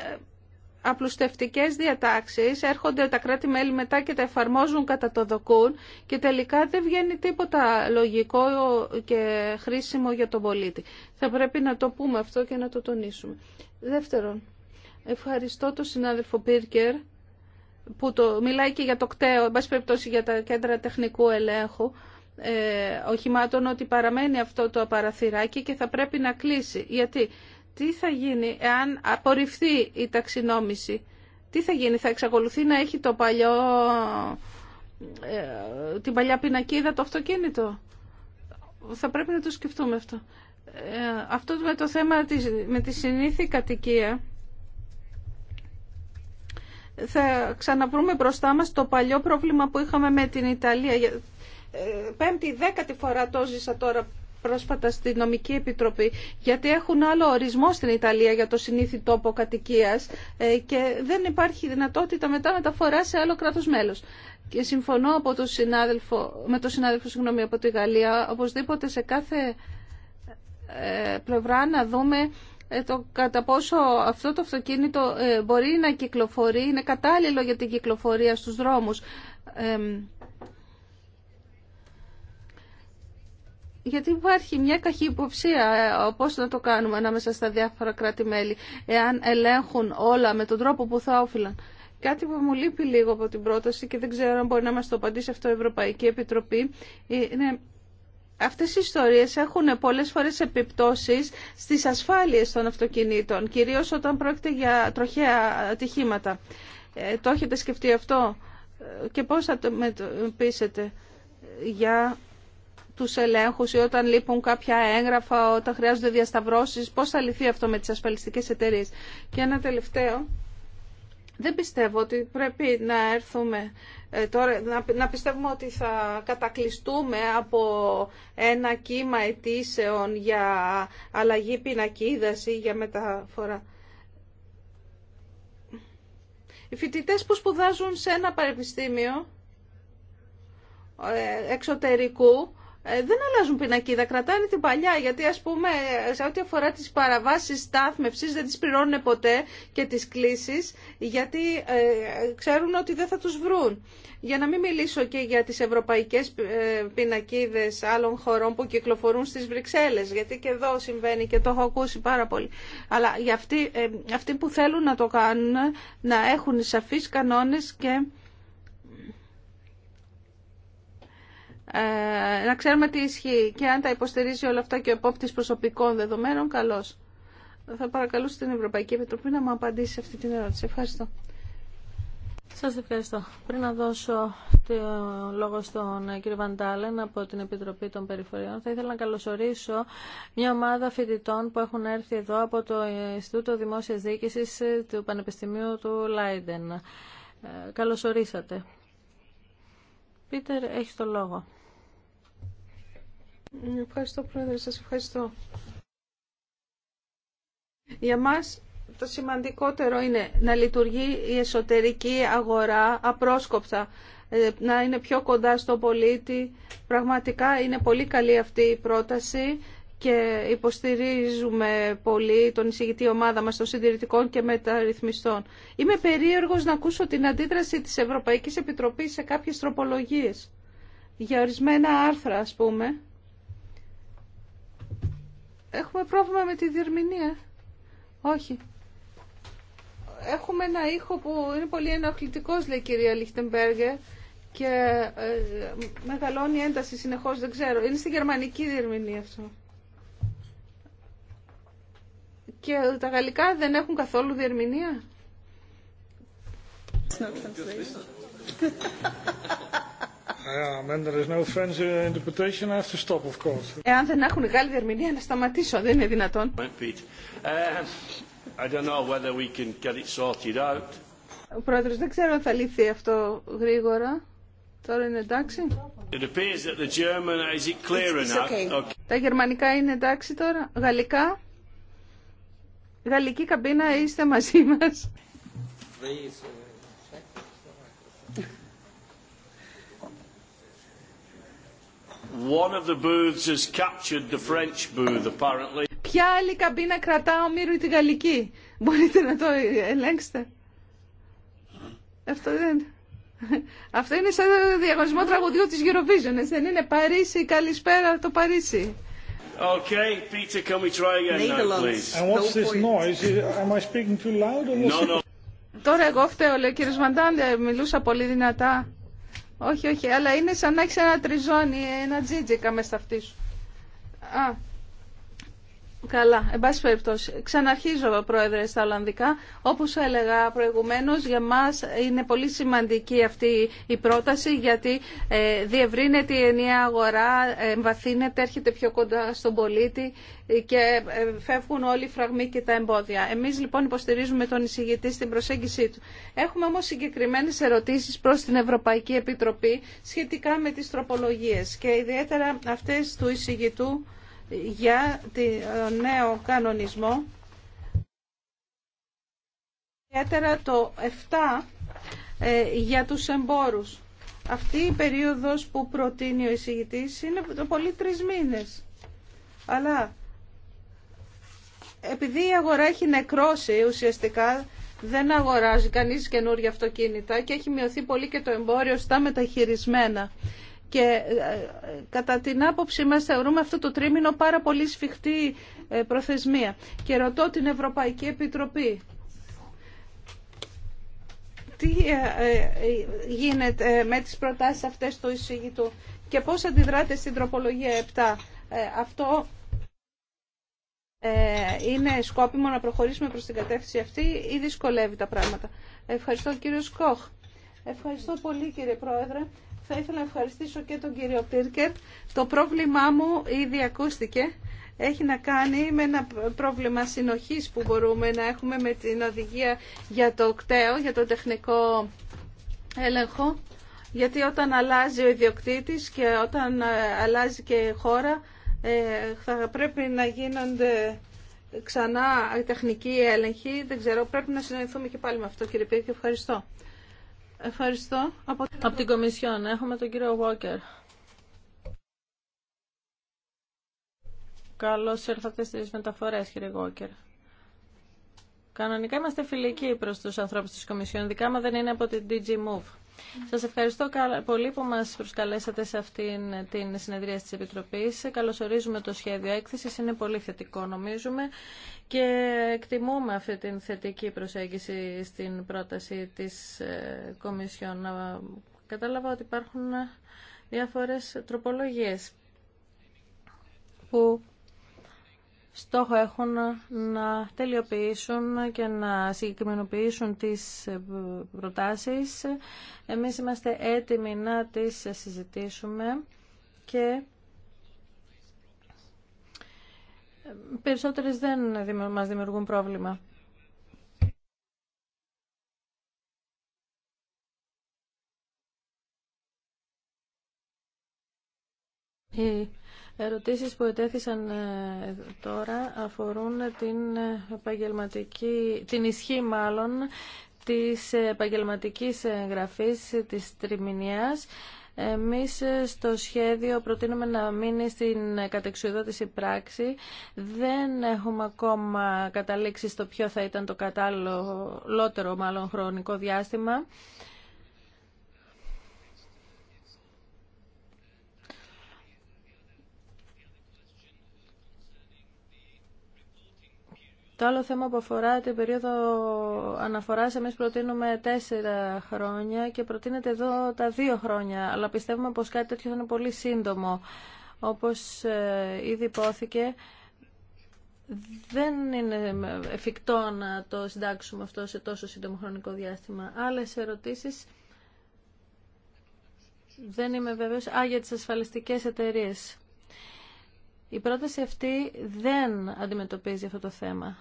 απλουστευτικές διατάξεις, έρχονται τα κράτη-μέλη μετά και τα εφαρμόζουν κατά το δοκούν και τελικά δεν βγαίνει τίποτα λογικό και χρήσιμο για τον πολίτη. Θα πρέπει να το πούμε αυτό και να το τονίσουμε. Δεύτερον, ευχαριστώ τον συνάδελφο Πίρκερ που το, μιλάει και για το κταίο, εν πάση περιπτώσει για τα κέντρα τεχνικού ελέγχου ε, οχημάτων ότι παραμένει αυτό το παραθυράκι και θα πρέπει να κλείσει. Γιατί τι θα γίνει εάν απορριφθεί η ταξινόμηση. Τι θα γίνει, θα εξακολουθεί να έχει το παλιό, ε, την παλιά πινακίδα το αυτοκίνητο. Θα πρέπει να το σκεφτούμε αυτό. Ε, αυτό με το θέμα της, με τη συνήθη κατοικία θα ξαναβρούμε μπροστά μας το παλιό πρόβλημα που είχαμε με την Ιταλία. Ε, πέμπτη, δέκατη φορά το ζήσα τώρα πρόσφατα στη Νομική Επιτροπή, γιατί έχουν άλλο ορισμό στην Ιταλία για το συνήθι τόπο κατοικία ε, και δεν υπάρχει δυνατότητα μετά μεταφορά σε άλλο κράτο μέλο. Και συμφωνώ από το συνάδελφο, με τον συνάδελφο συγγνώμη, από τη Γαλλία, οπωσδήποτε σε κάθε ε, πλευρά να δούμε ε, το κατά πόσο αυτό το αυτοκίνητο μπορεί να κυκλοφορεί, είναι κατάλληλο για την κυκλοφορία στους δρόμους. γιατί υπάρχει μια καχυποψία ε, πώς να το κάνουμε ανάμεσα στα διάφορα κράτη-μέλη, εάν ελέγχουν όλα με τον τρόπο που θα όφυλαν. Κάτι που μου λείπει λίγο από την πρόταση και δεν ξέρω αν μπορεί να μας το απαντήσει αυτό η Ευρωπαϊκή Επιτροπή, είναι αυτές οι ιστορίες έχουν πολλές φορές επιπτώσεις στις ασφάλειες των αυτοκινήτων, κυρίως όταν πρόκειται για τροχαία ατυχήματα. Ε, το έχετε σκεφτεί αυτό ε, και πώς θα το πείσετε για τους ελέγχους ή όταν λείπουν κάποια έγγραφα, όταν χρειάζονται διασταυρώσεις, πώς θα λυθεί αυτό με τις ασφαλιστικές εταιρείε. Και ένα τελευταίο, δεν πιστεύω ότι πρέπει να έρθουμε ε, τώρα, να, πιστεύουμε ότι θα κατακλειστούμε από ένα κύμα αιτήσεων για αλλαγή πινακίδας ή για μεταφορά. Οι φοιτητέ που σπουδάζουν σε ένα πανεπιστήμιο ε, εξωτερικού ε, δεν αλλάζουν πινακίδα, κρατάνε την παλιά, γιατί ας πούμε σε ό,τι αφορά τις παραβάσεις στάθμευσης δεν τις πληρώνουν ποτέ και τις κλήσεις, γιατί ε, ξέρουν ότι δεν θα τους βρουν. Για να μην μιλήσω και για τις ευρωπαϊκές ε, πινακίδες άλλων χωρών που κυκλοφορούν στις Βρυξέλλες, γιατί και εδώ συμβαίνει και το έχω ακούσει πάρα πολύ. Αλλά για αυτοί, αυτοί που θέλουν να το κάνουν, να έχουν σαφείς κανόνες και ε, να ξέρουμε τι ισχύει και αν τα υποστηρίζει όλα αυτά και ο επόπτης προσωπικών δεδομένων, καλώς. Θα παρακαλούσα την Ευρωπαϊκή Επιτροπή να μου απαντήσει σε αυτή την ερώτηση. Ευχαριστώ. Σας ευχαριστώ. Πριν να δώσω το λόγο στον ε, κύριο Βαντάλεν από την Επιτροπή των Περιφοριών, θα ήθελα να καλωσορίσω μια ομάδα φοιτητών που έχουν έρθει εδώ από το Ινστιτούτο Δημόσια Διοίκησης ε, του Πανεπιστημίου του Λάιντεν. Ε, καλωσορίσατε. Πίτερ, έχει το λόγο. Ευχαριστώ, Πρόεδρε. Σας ευχαριστώ. Για μας το σημαντικότερο είναι να λειτουργεί η εσωτερική αγορά απρόσκοπτα, ε, να είναι πιο κοντά στον πολίτη. Πραγματικά είναι πολύ καλή αυτή η πρόταση και υποστηρίζουμε πολύ τον εισηγητή ομάδα μας των συντηρητικών και μεταρρυθμιστών. Είμαι περίεργος να ακούσω την αντίδραση της Ευρωπαϊκής Επιτροπής σε κάποιες τροπολογίες. Για ορισμένα άρθρα, ας πούμε, Έχουμε πρόβλημα με τη διερμηνία. Όχι. Έχουμε ένα ήχο που είναι πολύ ενοχλητικός, λέει η κυρία Λιχτεμπέργκερ, και ε, μεγαλώνει ένταση συνεχώς, δεν ξέρω. Είναι στη γερμανική διερμηνία αυτό. Και τα γαλλικά δεν έχουν καθόλου διερμηνία. <laughs> Εάν δεν έχουν Γάλλη διερμηνία να σταματήσω, δεν είναι δυνατόν. Ο πρόεδρος δεν ξέρω αν θα λυθεί αυτό γρήγορα. Τώρα είναι εντάξει. Τα γερμανικά είναι εντάξει τώρα. Γαλλικά. Γαλλική καμπίνα είστε μαζί μας. Uh, One of the booths has captured the French booth, apparently. Ποια άλλη καμπίνα κρατά ο Μύρου τη γαλλική. Μπορείτε να το ελέγξετε. Αυτό δεν... Αυτό είναι σαν διαγωνισμό τραγουδιού της Eurovision, δεν είναι Παρίσι, καλησπέρα το Παρίσι. Okay, Peter, can we try again now, please? And what's this noise? Am I speaking too loud or no, no. Τώρα εγώ φταίω, λέει ο κύριος Μαντάντε, μιλούσα πολύ δυνατά. Όχι, όχι, αλλά είναι σαν να έχει ένα τριζόνι, ένα τζίτζικα με στα αυτή σου. Α, Καλά, εν πάση περιπτώσει. Ξαναρχίζω, Πρόεδρε, στα Ολλανδικά. όπω έλεγα προηγουμένω, για μα είναι πολύ σημαντική αυτή η πρόταση, γιατί ε, διευρύνεται η ενιαία αγορά, εμβαθύνεται, έρχεται πιο κοντά στον πολίτη ε, και ε, φεύγουν όλοι οι φραγμοί και τα εμπόδια. Εμεί λοιπόν υποστηρίζουμε τον εισηγητή στην προσέγγιση του. Έχουμε όμω συγκεκριμένε ερωτήσει προ την Ευρωπαϊκή Επιτροπή σχετικά με τι τροπολογίε και ιδιαίτερα αυτέ του εισηγητού για το ε, νέο κανονισμό. Ιδιαίτερα το 7 ε, για τους εμπόρους. Αυτή η περίοδος που προτείνει ο εισηγητής είναι το πολύ τρεις μήνες. Αλλά επειδή η αγορά έχει νεκρώσει ουσιαστικά, δεν αγοράζει κανείς καινούργια αυτοκίνητα και έχει μειωθεί πολύ και το εμπόριο στα μεταχειρισμένα. Και ε, κατά την άποψή μας θεωρούμε αυτό το τρίμηνο πάρα πολύ σφιχτή ε, προθεσμία. Και ρωτώ την Ευρωπαϊκή Επιτροπή. Τι ε, γίνεται με τις προτάσεις αυτές του εισηγητού και πώς αντιδράτε στην τροπολογία 7. Αυτό είναι σκόπιμο να προχωρήσουμε προς την κατεύθυνση αυτή ή δυσκολεύει τα πράγματα. Ευχαριστώ κύριο Σκόχ. Ευχαριστώ πολύ κύριε Πρόεδρε. Θα ήθελα να ευχαριστήσω και τον κύριο Πίρκερ. Το πρόβλημά μου ήδη ακούστηκε. Έχει να κάνει με ένα πρόβλημα συνοχής που μπορούμε να έχουμε με την οδηγία για το κταίο, για το τεχνικό έλεγχο. Γιατί όταν αλλάζει ο ιδιοκτήτης και όταν ε, αλλάζει και η χώρα, ε, θα πρέπει να γίνονται ξανά τεχνικοί έλεγχοι. Δεν ξέρω, πρέπει να συνοηθούμε και πάλι με αυτό κύριε Πίρκερ. Ευχαριστώ. Ευχαριστώ. Από, την Κομισιόν έχουμε τον κύριο Βόκερ. Καλώς ήρθατε στις μεταφορές, κύριε Βόκερ. Κανονικά είμαστε φιλικοί προς τους ανθρώπους της Κομισιόν, ειδικά μα δεν είναι από την DG Move. Σας ευχαριστώ πολύ που μας προσκαλέσατε σε αυτήν την συνεδρία της Επιτροπής. Καλωσορίζουμε το σχέδιο έκθεσης, είναι πολύ θετικό νομίζουμε και εκτιμούμε αυτή την θετική προσέγγιση στην πρόταση της ε, Κομισιόν. Κατάλαβα ότι υπάρχουν ε, διάφορες τροπολογίες που στόχο έχουν να τελειοποιήσουν και να συγκεκριμενοποιήσουν τις προτάσεις. Εμείς είμαστε έτοιμοι να τις συζητήσουμε και περισσότερες δεν μας δημιουργούν πρόβλημα. Ερωτήσεις που ετέθησαν ε, τώρα αφορούν την, ε, επαγγελματική, την ισχύ μάλλον της επαγγελματικής γραφής της τριμηνιάς. Εμείς στο σχέδιο προτείνουμε να μείνει στην κατεξουδότηση πράξη. Δεν έχουμε ακόμα καταλήξει στο ποιο θα ήταν το κατάλληλο, λότερο μάλλον χρονικό διάστημα. Το άλλο θέμα που αφορά την περίοδο αναφοράς, εμείς προτείνουμε τέσσερα χρόνια και προτείνεται εδώ τα δύο χρόνια, αλλά πιστεύουμε πως κάτι τέτοιο θα είναι πολύ σύντομο. Όπως ε, ήδη υπόθηκε, δεν είναι εφικτό να το συντάξουμε αυτό σε τόσο σύντομο χρονικό διάστημα. Άλλες ερωτήσεις. Δεν είμαι βέβαιος. Α, για τις ασφαλιστικές εταιρείες. Η πρόταση αυτή δεν αντιμετωπίζει αυτό το θέμα.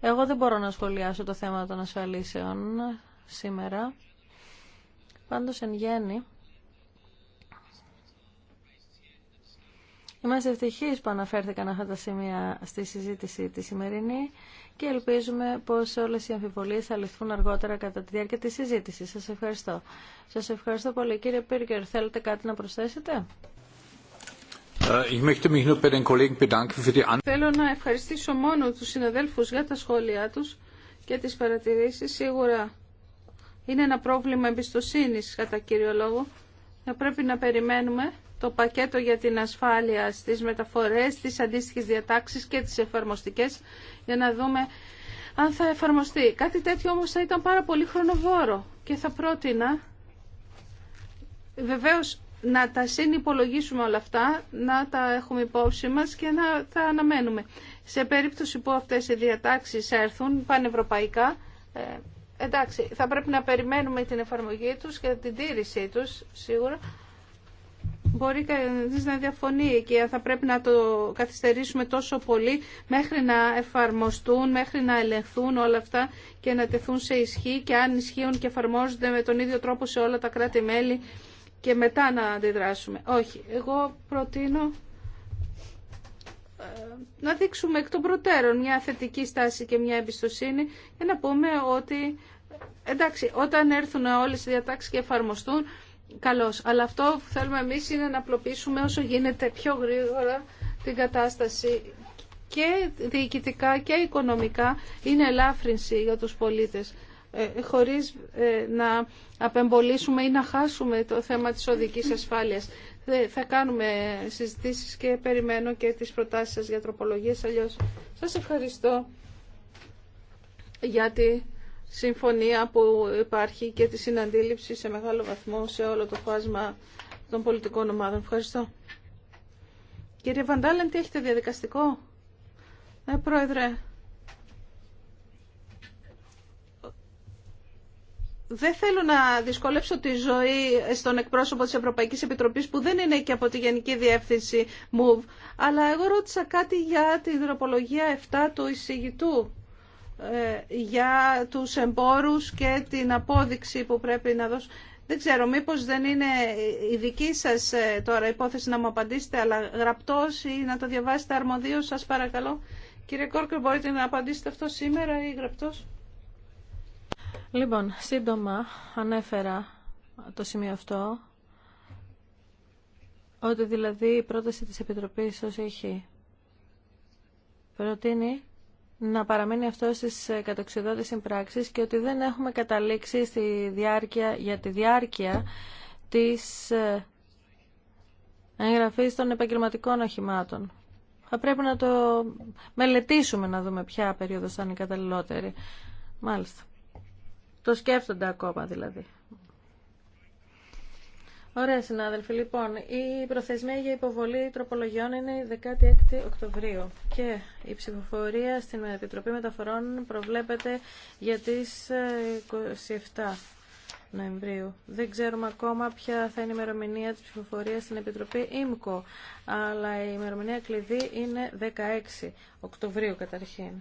Εγώ δεν μπορώ να σχολιάσω το θέμα των ασφαλίσεων σήμερα. Πάντως εν γέννη Είμαστε ευτυχείς που αναφέρθηκαν αυτά τα σημεία στη συζήτηση τη σημερινή και ελπίζουμε πως όλες οι αμφιβολίες θα ληφθούν αργότερα κατά τη διάρκεια της συζήτησης. Σας ευχαριστώ. Σας ευχαριστώ πολύ. Κύριε Πίρκερ, θέλετε κάτι να προσθέσετε? Θέλω να ευχαριστήσω μόνο τους συναδέλφους για τα σχόλιά τους και τις παρατηρήσεις. Σίγουρα είναι ένα πρόβλημα εμπιστοσύνης κατά κύριο λόγο. Θα πρέπει να περιμένουμε το πακέτο για την ασφάλεια στις μεταφορές, τις αντίστοιχες διατάξεις και τις εφαρμοστικές για να δούμε αν θα εφαρμοστεί. Κάτι τέτοιο όμως θα ήταν πάρα πολύ χρονοβόρο και θα πρότεινα Βεβαίως να τα συνυπολογίσουμε όλα αυτά, να τα έχουμε υπόψη μας και να τα αναμένουμε. Σε περίπτωση που αυτές οι διατάξεις έρθουν πανευρωπαϊκά, ε, εντάξει, θα πρέπει να περιμένουμε την εφαρμογή τους και την τήρησή τους, σίγουρα. Μπορεί κανεί να διαφωνεί και θα πρέπει να το καθυστερήσουμε τόσο πολύ μέχρι να εφαρμοστούν, μέχρι να ελεγχθούν όλα αυτά και να τεθούν σε ισχύ και αν ισχύουν και εφαρμόζονται με τον ίδιο τρόπο σε όλα τα κράτη-μέλη και μετά να αντιδράσουμε. Όχι, εγώ προτείνω ε, να δείξουμε εκ των προτέρων μια θετική στάση και μια εμπιστοσύνη για να πούμε ότι εντάξει, όταν έρθουν όλες οι διατάξεις και εφαρμοστούν, καλώς. Αλλά αυτό που θέλουμε εμείς είναι να απλοποιήσουμε όσο γίνεται πιο γρήγορα την κατάσταση και διοικητικά και οικονομικά είναι ελάφρυνση για τους πολίτες. Ε, χωρίς ε, να απεμπολίσουμε ή να χάσουμε το θέμα της οδικής ασφάλειας. Ε, θα κάνουμε συζητήσεις και περιμένω και τις προτάσεις σας για τροπολογίες. Αλλιώς σας ευχαριστώ για τη συμφωνία που υπάρχει και τη συναντήληψη σε μεγάλο βαθμό σε όλο το φάσμα των πολιτικών ομάδων. Ευχαριστώ. Κύριε Βαντάλεν, τι έχετε διαδικαστικό. Ναι, Πρόεδρε. Δεν θέλω να δυσκολέψω τη ζωή στον εκπρόσωπο της Ευρωπαϊκής Επιτροπής που δεν είναι και από τη Γενική Διεύθυνση ΜΟΥΒ αλλά εγώ ρώτησα κάτι για την τροπολογία 7 του εισηγητού ε, για τους εμπόρους και την απόδειξη που πρέπει να δώσω. Δεν ξέρω, μήπως δεν είναι η δική σας ε, τώρα υπόθεση να μου απαντήσετε, αλλά γραπτός ή να το διαβάσετε αρμοδίως, σας παρακαλώ. Κύριε Κόρκο, μπορείτε να απαντήσετε αυτό σήμερα ή γραπτός. Λοιπόν, σύντομα ανέφερα το σημείο αυτό, ότι δηλαδή η πρόταση της Επιτροπής ως έχει προτείνει να παραμείνει αυτό στις κατοξιδότητες συμπράξεις και ότι δεν έχουμε καταλήξει στη διάρκεια, για τη διάρκεια της ε, εγγραφής των επαγγελματικών οχημάτων. Θα πρέπει να το μελετήσουμε να δούμε ποια περίοδος θα είναι η καταλληλότερη. Μάλιστα. Το σκέφτονται ακόμα δηλαδή. Ωραία συνάδελφοι. Λοιπόν, η προθεσμία για υποβολή τροπολογιών είναι η 16 Οκτωβρίου και η ψηφοφορία στην Επιτροπή Μεταφορών προβλέπεται για τις 27 ε, Νοεμβρίου. Δεν ξέρουμε ακόμα ποια θα είναι η ημερομηνία της ψηφοφορίας στην Επιτροπή ΙΜΚΟ, αλλά η ημερομηνία κλειδί είναι 16 Οκτωβρίου καταρχήν,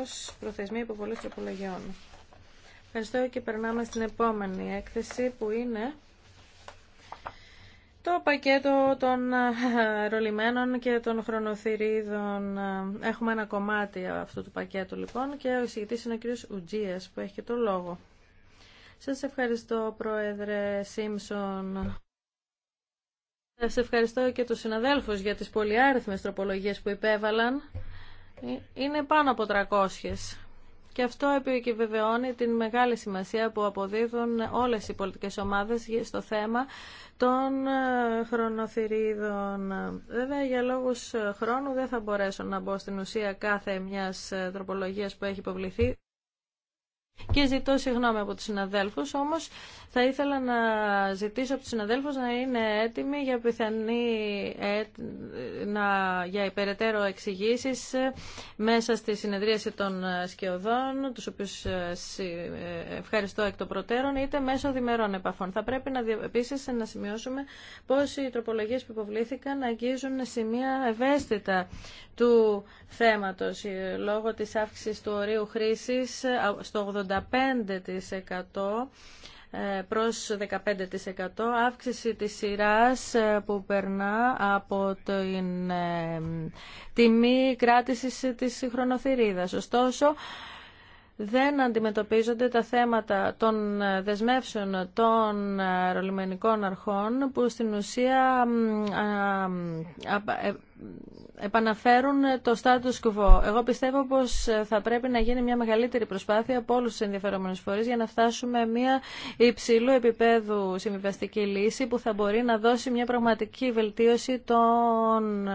ως προθεσμία υποβολής τροπολογιών. Ευχαριστώ και περνάμε στην επόμενη έκθεση που είναι το πακέτο των ρολιμένων και των χρονοθυρίδων. Έχουμε ένα κομμάτι αυτού του πακέτου λοιπόν και ο εισηγητής είναι ο κ. Ουτζίας που έχει και το λόγο. Σας ευχαριστώ Πρόεδρε Σίμψον. Σας ευχαριστώ και τους συναδέλφους για τις πολυάριθμες τροπολογίες που υπέβαλαν. Ε, είναι πάνω από 300. Και αυτό επιβεβαιώνει την μεγάλη σημασία που αποδίδουν όλες οι πολιτικές ομάδες στο θέμα των ε, χρονοθυρίδων. Βέβαια, για λόγους χρόνου δεν θα μπορέσω να μπω στην ουσία κάθε μιας ε, τροπολογίας που έχει υποβληθεί. Και ζητώ συγγνώμη από τους συναδέλφους, όμως θα ήθελα να ζητήσω από τους συναδέλφους να είναι έτοιμοι για πιθανή ε, να, για υπεραιτέρω εξηγήσει ε, μέσα στη συνεδρίαση των ε, σκιωδών, τους οποίους ευχαριστώ εκ των προτέρων, είτε μέσω διμερών επαφών. Θα πρέπει να, επίσης να σημειώσουμε πώς οι τροπολογίες που υποβλήθηκαν αγγίζουν σημεία ευαίσθητα του θέματος λόγω της αύξησης του ορίου χρήσης στο 85% ε, προς 15% αύξηση της σειράς ε, που περνά από την ε, τιμή κράτησης της χρονοθυρίδας. Ωστόσο, δεν αντιμετωπίζονται τα θέματα των ε, δεσμεύσεων των αερολιμενικών αρχών που στην ουσία ε, επαναφέρουν το status quo. Εγώ πιστεύω πως ε, θα πρέπει να γίνει μια μεγαλύτερη προσπάθεια από όλους τους ενδιαφερόμενους φορείς για να φτάσουμε μια υψηλού επίπεδου συμβιβαστική λύση που θα μπορεί να δώσει μια πραγματική βελτίωση των,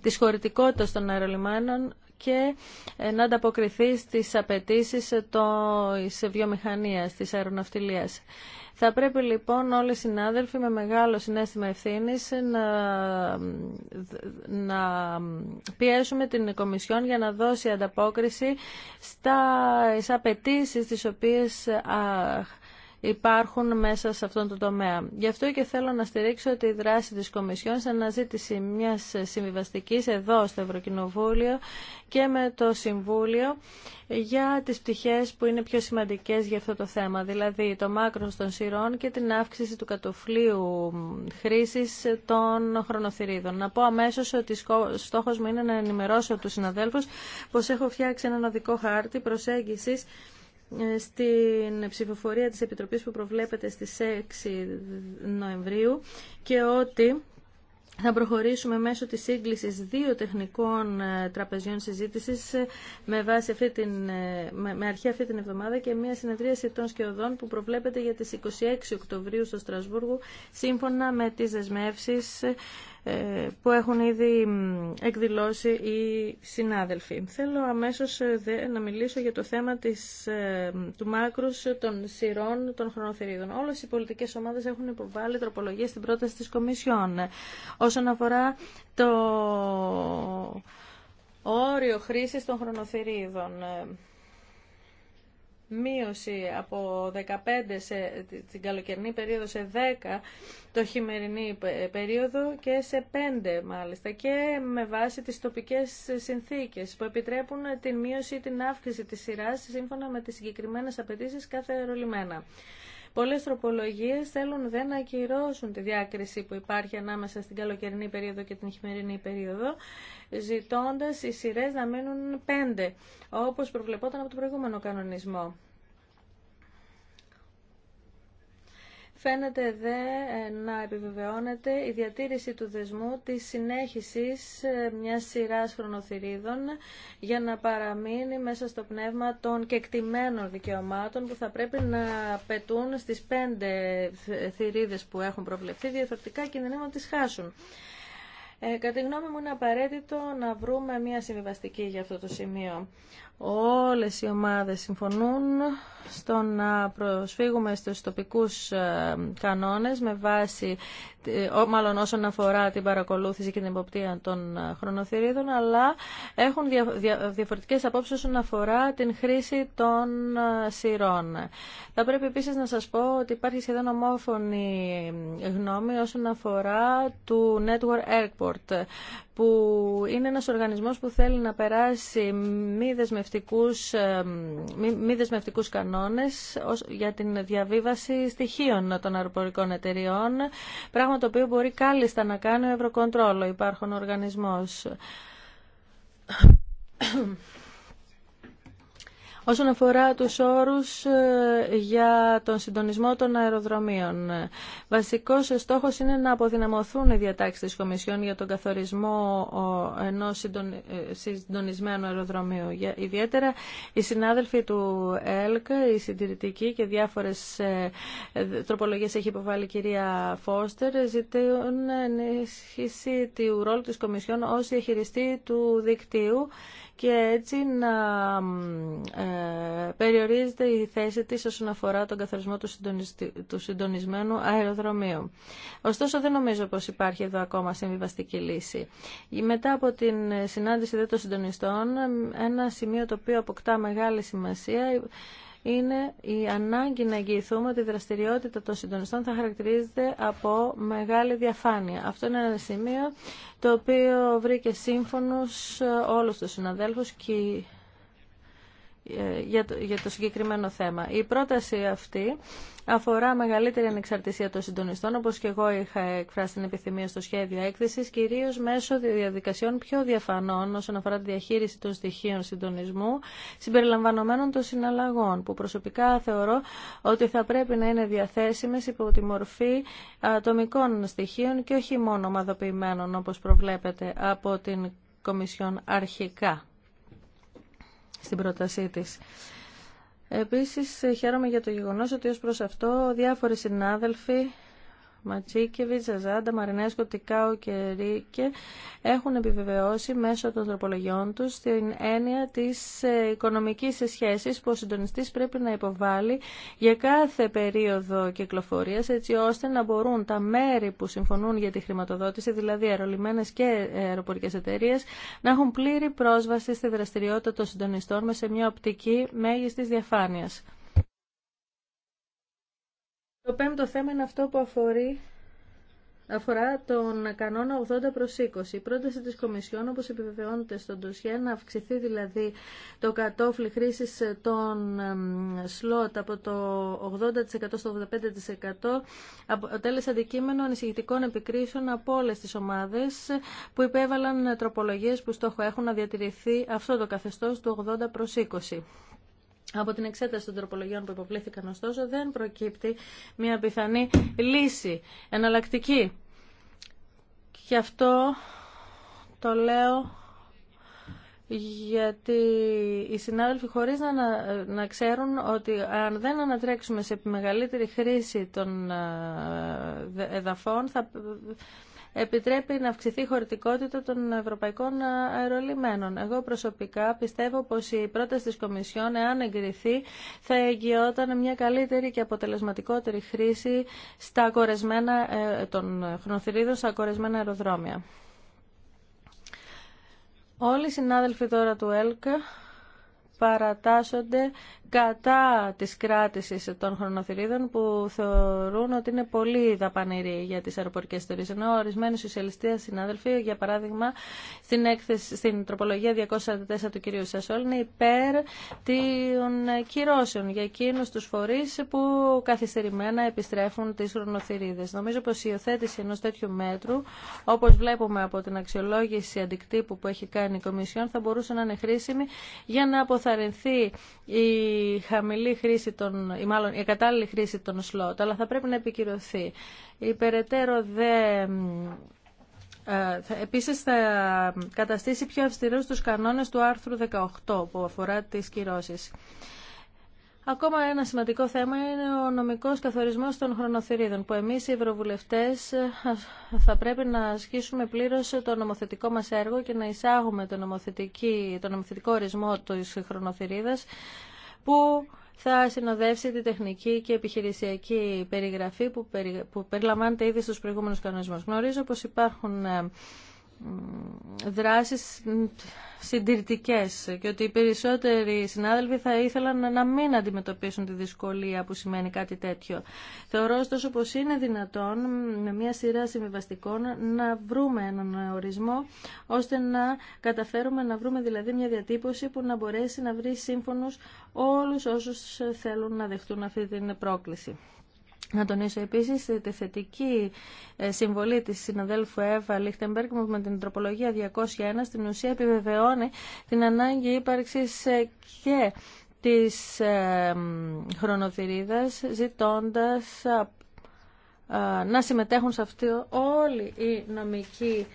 της χωρητικότητας των αερολιμάνων και ε, να ανταποκριθεί στις απαιτήσεις ε, της βιομηχανίας, της αεροναυτιλίας. Θα πρέπει λοιπόν όλοι οι συνάδελφοι με μεγάλο συνέστημα ευθύνη ε, να, να πιέσουμε την Κομισιόν για να δώσει ανταπόκριση στα απαιτήσει τις οποίες υπάρχουν μέσα σε αυτόν τον τομέα. Γι' αυτό και θέλω να στηρίξω τη δράση της Κομισιόν σε αναζήτηση μιας συμβιβαστική εδώ στο Ευρωκοινοβούλιο και με το Συμβούλιο για τις πτυχές που είναι πιο σημαντικές για αυτό το θέμα, δηλαδή το μάκρος των σειρών και την αύξηση του κατοφλίου χρήσης των χρονοθυρίδων. Να πω αμέσως ότι στόχος μου είναι να ενημερώσω τους συναδέλφους πως έχω φτιάξει έναν οδικό χάρτη προσέγγισης στην ψηφοφορία της Επιτροπής που προβλέπεται στις 6 Νοεμβρίου και ότι θα προχωρήσουμε μέσω της σύγκλησης δύο τεχνικών ε, τραπεζιών συζήτησης ε, με, βάση αυτή την, ε, με αρχή αυτή την εβδομάδα και μια συνεδρίαση των σκεωδών που προβλέπεται για τις 26 Οκτωβρίου στο Στρασβούργο σύμφωνα με τις δεσμεύσεις ε, που έχουν ήδη εκδηλώσει οι συνάδελφοι. Θέλω αμέσως ε, να μιλήσω για το θέμα της, ε, του μάκρους των σειρών των χρονοθερίδων. Όλες οι πολιτικές ομάδες έχουν υποβάλει τροπολογίες στην πρόταση της Κομισιόν. Όσον αφορά το όριο χρήσης των χρονοθερίδων, μείωση από 15 σε, την καλοκαιρινή περίοδο σε 10 το χειμερινή περίοδο και σε 5 μάλιστα και με βάση τις τοπικές συνθήκες που επιτρέπουν την μείωση ή την αύξηση της σειράς σύμφωνα με τις συγκεκριμένες απαιτήσεις κάθε ρολιμένα. Πολλές τροπολογίες θέλουν δεν να ακυρώσουν τη διάκριση που υπάρχει ανάμεσα στην καλοκαιρινή περίοδο και την χειμερινή περίοδο, ζητώντας οι σειρές να μείνουν πέντε, όπως προβλεπόταν από τον προηγούμενο κανονισμό. Φαίνεται δε ε, να επιβεβαιώνεται η διατήρηση του δεσμού της συνέχισης ε, μιας σειράς χρονοθυρίδων για να παραμείνει μέσα στο πνεύμα των κεκτημένων δικαιωμάτων που θα πρέπει να πετούν στις πέντε θηρίδες που έχουν προβλεφθεί, διαφορετικά κινδυνεύουν να τις χάσουν. Ε, κατά τη γνώμη μου είναι απαραίτητο να βρούμε μια συμβιβαστική για αυτό το σημείο όλες οι ομάδες συμφωνούν στο να προσφύγουμε στους τοπικούς ε, κανόνες με βάση, ε, μάλλον όσον αφορά την παρακολούθηση και την υποπτία των ε, χρονοθυρίδων, αλλά έχουν διαφορετικές απόψεις όσον αφορά την χρήση των σειρών. Θα πρέπει επίσης να σας πω ότι υπάρχει σχεδόν ομόφωνη γνώμη όσον αφορά του Network Airport, που είναι ένας οργανισμός που θέλει να περάσει μη δεσμευτικούς, ε, μη, μη δεσμευτικούς κανόνες για την διαβίβαση στοιχείων των αεροπορικών εταιριών, πράγμα το οποίο μπορεί κάλλιστα να κάνει ο Ευρωκοντρόλο, υπάρχουν οργανισμός. Όσον αφορά τους όρους ε, για τον συντονισμό των αεροδρομίων, βασικός στόχος είναι να αποδυναμωθούν οι διατάξεις της Κομισιόν για τον καθορισμό ενός ε, συντονισμένου αεροδρομίου. Ιδιαίτερα οι συνάδελφοι του ΕΛΚ, οι συντηρητικοί και διάφορες ε, τροπολογίες έχει υποβάλει η κυρία Φώστερ, ζητούν ενίσχυση του ρόλου της Κομισιόν ως διαχειριστή του δικτύου και έτσι να περιορίζεται η θέση της όσον αφορά τον καθορισμό του, του συντονισμένου αεροδρομίου. Ωστόσο δεν νομίζω πως υπάρχει εδώ ακόμα συμβιβαστική λύση. Μετά από την συνάντηση δε των συντονιστών, ένα σημείο το οποίο αποκτά μεγάλη σημασία είναι η ανάγκη να εγγυηθούμε ότι η δραστηριότητα των συντονιστών θα χαρακτηρίζεται από μεγάλη διαφάνεια. Αυτό είναι ένα σημείο το οποίο βρήκε σύμφωνος ε, όλους τους συναδέλφους και ε, για το συγκεκριμένο θέμα. Η πρόταση αυτή αφορά μεγαλύτερη ανεξαρτησία των συντονιστών, όπως και εγώ είχα εκφράσει την επιθυμία στο σχέδιο έκθεσης, κυρίως μέσω διαδικασιών πιο διαφανών όσον αφορά τη διαχείριση των στοιχείων συντονισμού, συμπεριλαμβανομένων των συναλλαγών, που προσωπικά θεωρώ ότι θα πρέπει να είναι διαθέσιμες υπό τη μορφή ατομικών στοιχείων και όχι μόνο ομαδοποιημένων, όπως προβλέπεται από την Κομισιόν αρχικά στην πρότασή της. Επίσης, χαίρομαι για το γεγονός ότι ως προς αυτό διάφοροι συνάδελφοι Ματσίκεβιτ, Ζαζάντα, Μαρινέσκο, Τικάου και Ρίκε έχουν επιβεβαιώσει μέσω των τροπολογιών τους την έννοια της ε, οικονομικής σχέσης που ο συντονιστής πρέπει να υποβάλει για κάθε περίοδο κυκλοφορίας έτσι ώστε να μπορούν τα μέρη που συμφωνούν για τη χρηματοδότηση, δηλαδή αερολιμένες και αεροπορικές εταιρείες, να έχουν πλήρη πρόσβαση στη δραστηριότητα των συντονιστών με σε μια οπτική μέγιστης διαφάνειας. Το πέμπτο θέμα είναι αυτό που αφορεί αφορά τον κανόνα 80 προς 20. Η πρόταση της Κομισιόν, όπως επιβεβαιώνεται στον Τουσιέ, να αυξηθεί δηλαδή το κατόφλι χρήση των σλότ από το 80% στο 85% αποτέλεσε αντικείμενο ανησυχητικών επικρίσεων από όλε τις ομάδες που υπέβαλαν τροπολογίες που στόχο έχουν να διατηρηθεί αυτό το καθεστώς του 80 προς 20. Από την εξέταση των τροπολογιών που υποβλήθηκαν ωστόσο δεν προκύπτει μια πιθανή λύση εναλλακτική. Και αυτό το λέω γιατί οι συνάδελφοι χωρίς να, να ξέρουν ότι αν δεν ανατρέξουμε σε μεγαλύτερη χρήση των ε, εδαφών θα επιτρέπει να αυξηθεί η χωρητικότητα των ευρωπαϊκών αερολιμένων. Εγώ προσωπικά πιστεύω πως η πρόταση της Κομισιόν, εάν εγκριθεί, θα εγγυόταν μια καλύτερη και αποτελεσματικότερη χρήση στα κορεσμένα, ε, των χρονοθυρίδων στα κορεσμένα αεροδρόμια. Όλοι οι συνάδελφοι τώρα του ΕΛΚ παρατάσσονται κατά της κράτησης των χρονοθυρίδων που θεωρούν ότι είναι πολύ δαπανηρή για τις αεροπορικές ιστορίες. Ενώ ορισμένοι σοσιαλιστές συνάδελφοι, για παράδειγμα, στην, έκθεση, στην τροπολογία 244 του κυρίου Σασόλ, είναι υπέρ των κυρώσεων για εκείνους τους φορείς που καθυστερημένα επιστρέφουν τις χρονοθυρίδες. Νομίζω πως η υιοθέτηση ενός τέτοιου μέτρου, όπως βλέπουμε από την αξιολόγηση αντικτύπου που έχει κάνει η Κομισιόν, θα μπορούσε να είναι χρήσιμη για να αποθαρρυνθεί η η χαμηλή χρήση των, ή μάλλον η κατάλληλη χρήση των σλότ, αλλά θα πρέπει να επικυρωθεί. Η περαιτέρω δε ε, Επίσης θα πρεπει να επικυρωθει η δε επισης θα καταστησει πιο αυστηρούς τους κανόνες του άρθρου 18 που αφορά τις κυρώσεις. Ακόμα ένα σημαντικό θέμα είναι ο νομικός καθορισμός των χρονοθυρίδων που εμείς οι ευρωβουλευτές ε, θα πρέπει να ασκήσουμε πλήρως το νομοθετικό μας έργο και να εισάγουμε το, νομοθετικό ορισμό της χρονοθυρίδας που θα συνοδεύσει τη τεχνική και επιχειρησιακή περιγραφή που περιλαμβάνεται ήδη στους προηγούμενους κανονισμούς. Γνωρίζω πως υπάρχουν ε, δράσεις συντηρητικές και ότι οι περισσότεροι συνάδελφοι θα ήθελαν να μην αντιμετωπίσουν τη δυσκολία που σημαίνει κάτι τέτοιο. Θεωρώ ωστόσο πως είναι δυνατόν με μια σειρά συμβιβαστικών να βρούμε έναν ορισμό ώστε να καταφέρουμε να βρούμε δηλαδή μια διατύπωση που να μπορέσει να βρει σύμφωνους όλους όσους θέλουν να δεχτούν αυτή την πρόκληση. Να τονίσω επίσης τη θετική ε, συμβολή της συναδέλφου Εύα Λίχτεμπεργκ με την τροπολογία 201 στην ουσία επιβεβαιώνει την ανάγκη ύπαρξης ε, και της ε, χρονοθυρίδας ζητώντας να συμμετέχουν σε αυτό όλοι οι νομικοί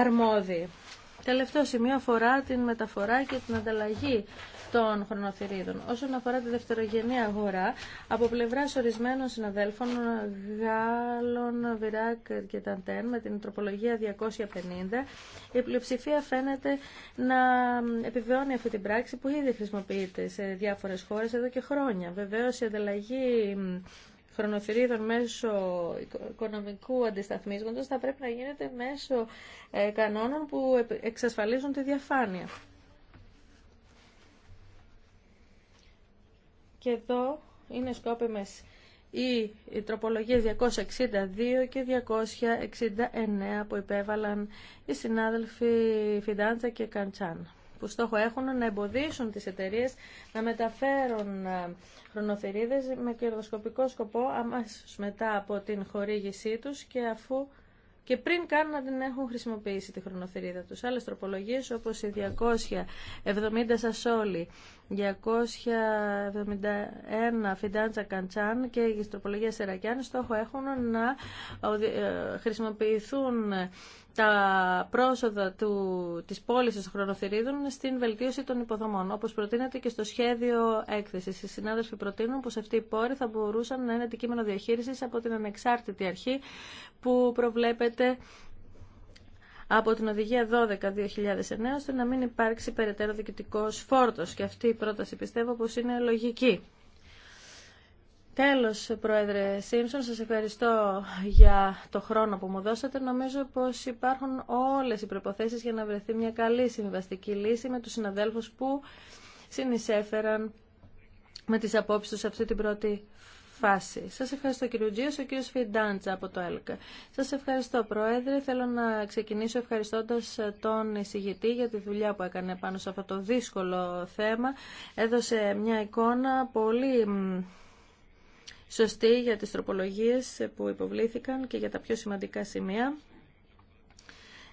αρμόδιοι. Τελευταίο σημείο αφορά την μεταφορά και την ανταλλαγή των χρονοθυρίδων. Όσον αφορά τη δευτερογενή αγορά, από πλευρά ορισμένων συναδέλφων Γάλλων, Βιράκ και Ταντέν με την τροπολογία 250, η πλειοψηφία φαίνεται να επιβεώνει αυτή την πράξη που ήδη χρησιμοποιείται σε διάφορες χώρες εδώ και χρόνια. Βεβαίω, η ανταλλαγή χρονοθυρίδων μέσω οικονομικού αντισταθμίσματος θα πρέπει να γίνεται μέσω ε, κανόνων που εξασφαλίζουν τη διαφάνεια. Και εδώ είναι σκόπιμες οι τροπολογίες 262 και 269 που υπέβαλαν οι συνάδελφοι Φιντάντζα και Καντσάν που στόχο έχουν να εμποδίσουν τις εταιρείες να μεταφέρουν ε, χρονοθερίδες με κερδοσκοπικό σκοπό αμέσως μετά από την χορήγησή τους και αφού και πριν καν να την έχουν χρησιμοποιήσει τη χρονοθερίδα τους. Άλλες τροπολογίες όπως οι 270 Σασόλη, 271 Φιντάντσα Καντσάν και η τροπολογία Σερακιάν στόχο έχουν να ε, χρησιμοποιηθούν τα πρόσοδα του, της πώλησης των χρονοθυρίδων στην βελτίωση των υποδομών, όπως προτείνεται και στο σχέδιο έκθεσης. Οι συνάδελφοι προτείνουν πως αυτοί οι πόροι θα μπορούσαν να είναι αντικείμενο διαχείρισης από την ανεξάρτητη αρχή που προβλέπεται από την Οδηγία 12-2009, ώστε να μην υπάρξει περαιτέρω διοικητικός φόρτος. Και αυτή η πρόταση πιστεύω πως είναι λογική. Τέλος, Πρόεδρε Σίμψον, σας ευχαριστώ για το χρόνο που μου δώσατε. Νομίζω πως υπάρχουν όλες οι προποθέσεις για να βρεθεί μια καλή συμβαστική λύση με τους συναδέλφους που συνεισέφεραν με τις απόψεις τους σε αυτή την πρώτη φάση. Σας ευχαριστώ κύριο Τζίος, ο κύριος Φιντάντζα από το ΕΛΚΑ. Σας ευχαριστώ Πρόεδρε. Θέλω να ξεκινήσω ευχαριστώντας τον εισηγητή για τη δουλειά που έκανε πάνω σε αυτό το δύσκολο θέμα. Έδωσε μια εικόνα πολύ σωστή για τις τροπολογίες που υποβλήθηκαν και για τα πιο σημαντικά σημεία.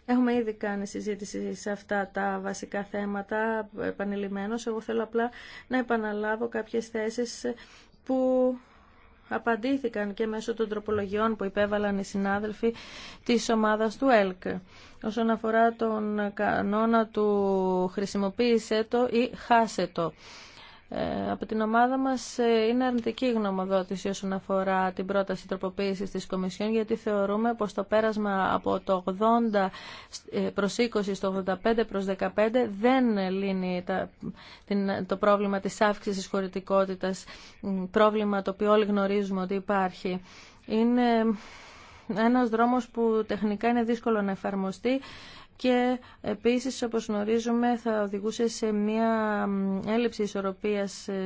Έχουμε ήδη κάνει συζήτηση σε αυτά τα βασικά θέματα επανειλημμένως. Εγώ θέλω απλά να επαναλάβω κάποιες θέσεις που απαντήθηκαν και μέσω των τροπολογιών που υπέβαλαν οι συνάδελφοι της ομάδας του ΕΛΚ. Όσον αφορά τον κανόνα του χρησιμοποίησε το ή χάσε το. Ε, από την ομάδα μας ε, είναι αρνητική η γνωμοδότηση όσον αφορά την πρόταση τροποποίησης της Κομισιόν γιατί θεωρούμε πως το πέρασμα από το 80 ε, προς 20 στο 85 προς 15 δεν λύνει το πρόβλημα της αύξησης χωρητικότητας, πρόβλημα το οποίο όλοι γνωρίζουμε ότι υπάρχει. Είναι ένας δρόμος που τεχνικά είναι δύσκολο να εφαρμοστεί και επίσης όπως γνωρίζουμε θα οδηγούσε σε μια έλλειψη ισορροπίας ε,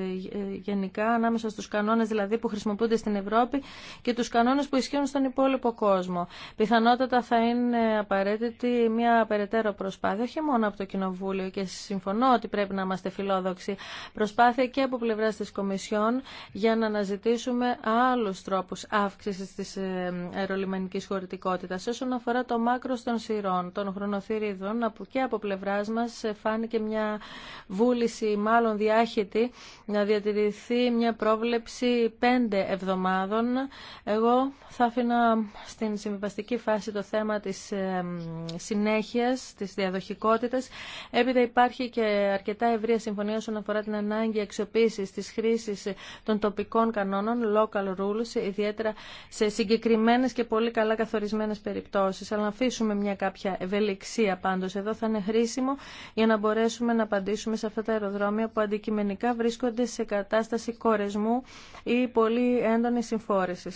γενικά ανάμεσα στους κανόνες δηλαδή που χρησιμοποιούνται στην Ευρώπη και τους κανόνες που ισχύουν στον υπόλοιπο κόσμο. Πιθανότατα θα είναι απαραίτητη μια περαιτέρω προσπάθεια, όχι μόνο από το Κοινοβούλιο και συμφωνώ ότι πρέπει να είμαστε φιλόδοξοι, προσπάθεια και από πλευράς της Κομισιόν για να αναζητήσουμε άλλους τρόπους αύξησης τη ε, αερολιμενικής χωρητικότητας όσον αφορά το μάκρο των σειρών, των χρονο και από πλευρά μα φάνηκε μια βούληση μάλλον διάχυτη να διατηρηθεί μια πρόβλεψη πέντε εβδομάδων. Εγώ θα άφηνα στην συμβιβαστική φάση το θέμα τη ε, συνέχεια, τη διαδοχικότητα. Έπειτα υπάρχει και αρκετά ευρεία συμφωνία όσον αφορά την ανάγκη αξιοποίηση τη χρήση των τοπικών κανόνων, local rules, ιδιαίτερα σε συγκεκριμένε και πολύ καλά καθορισμένε περιπτώσει, Αλλά να αφήσουμε μια κάποια ευελιξία αξία Εδώ θα είναι χρήσιμο για να μπορέσουμε να απαντήσουμε σε αυτά τα αεροδρόμια που αντικειμενικά βρίσκονται σε κατάσταση κορεσμού ή πολύ έντονη συμφόρηση.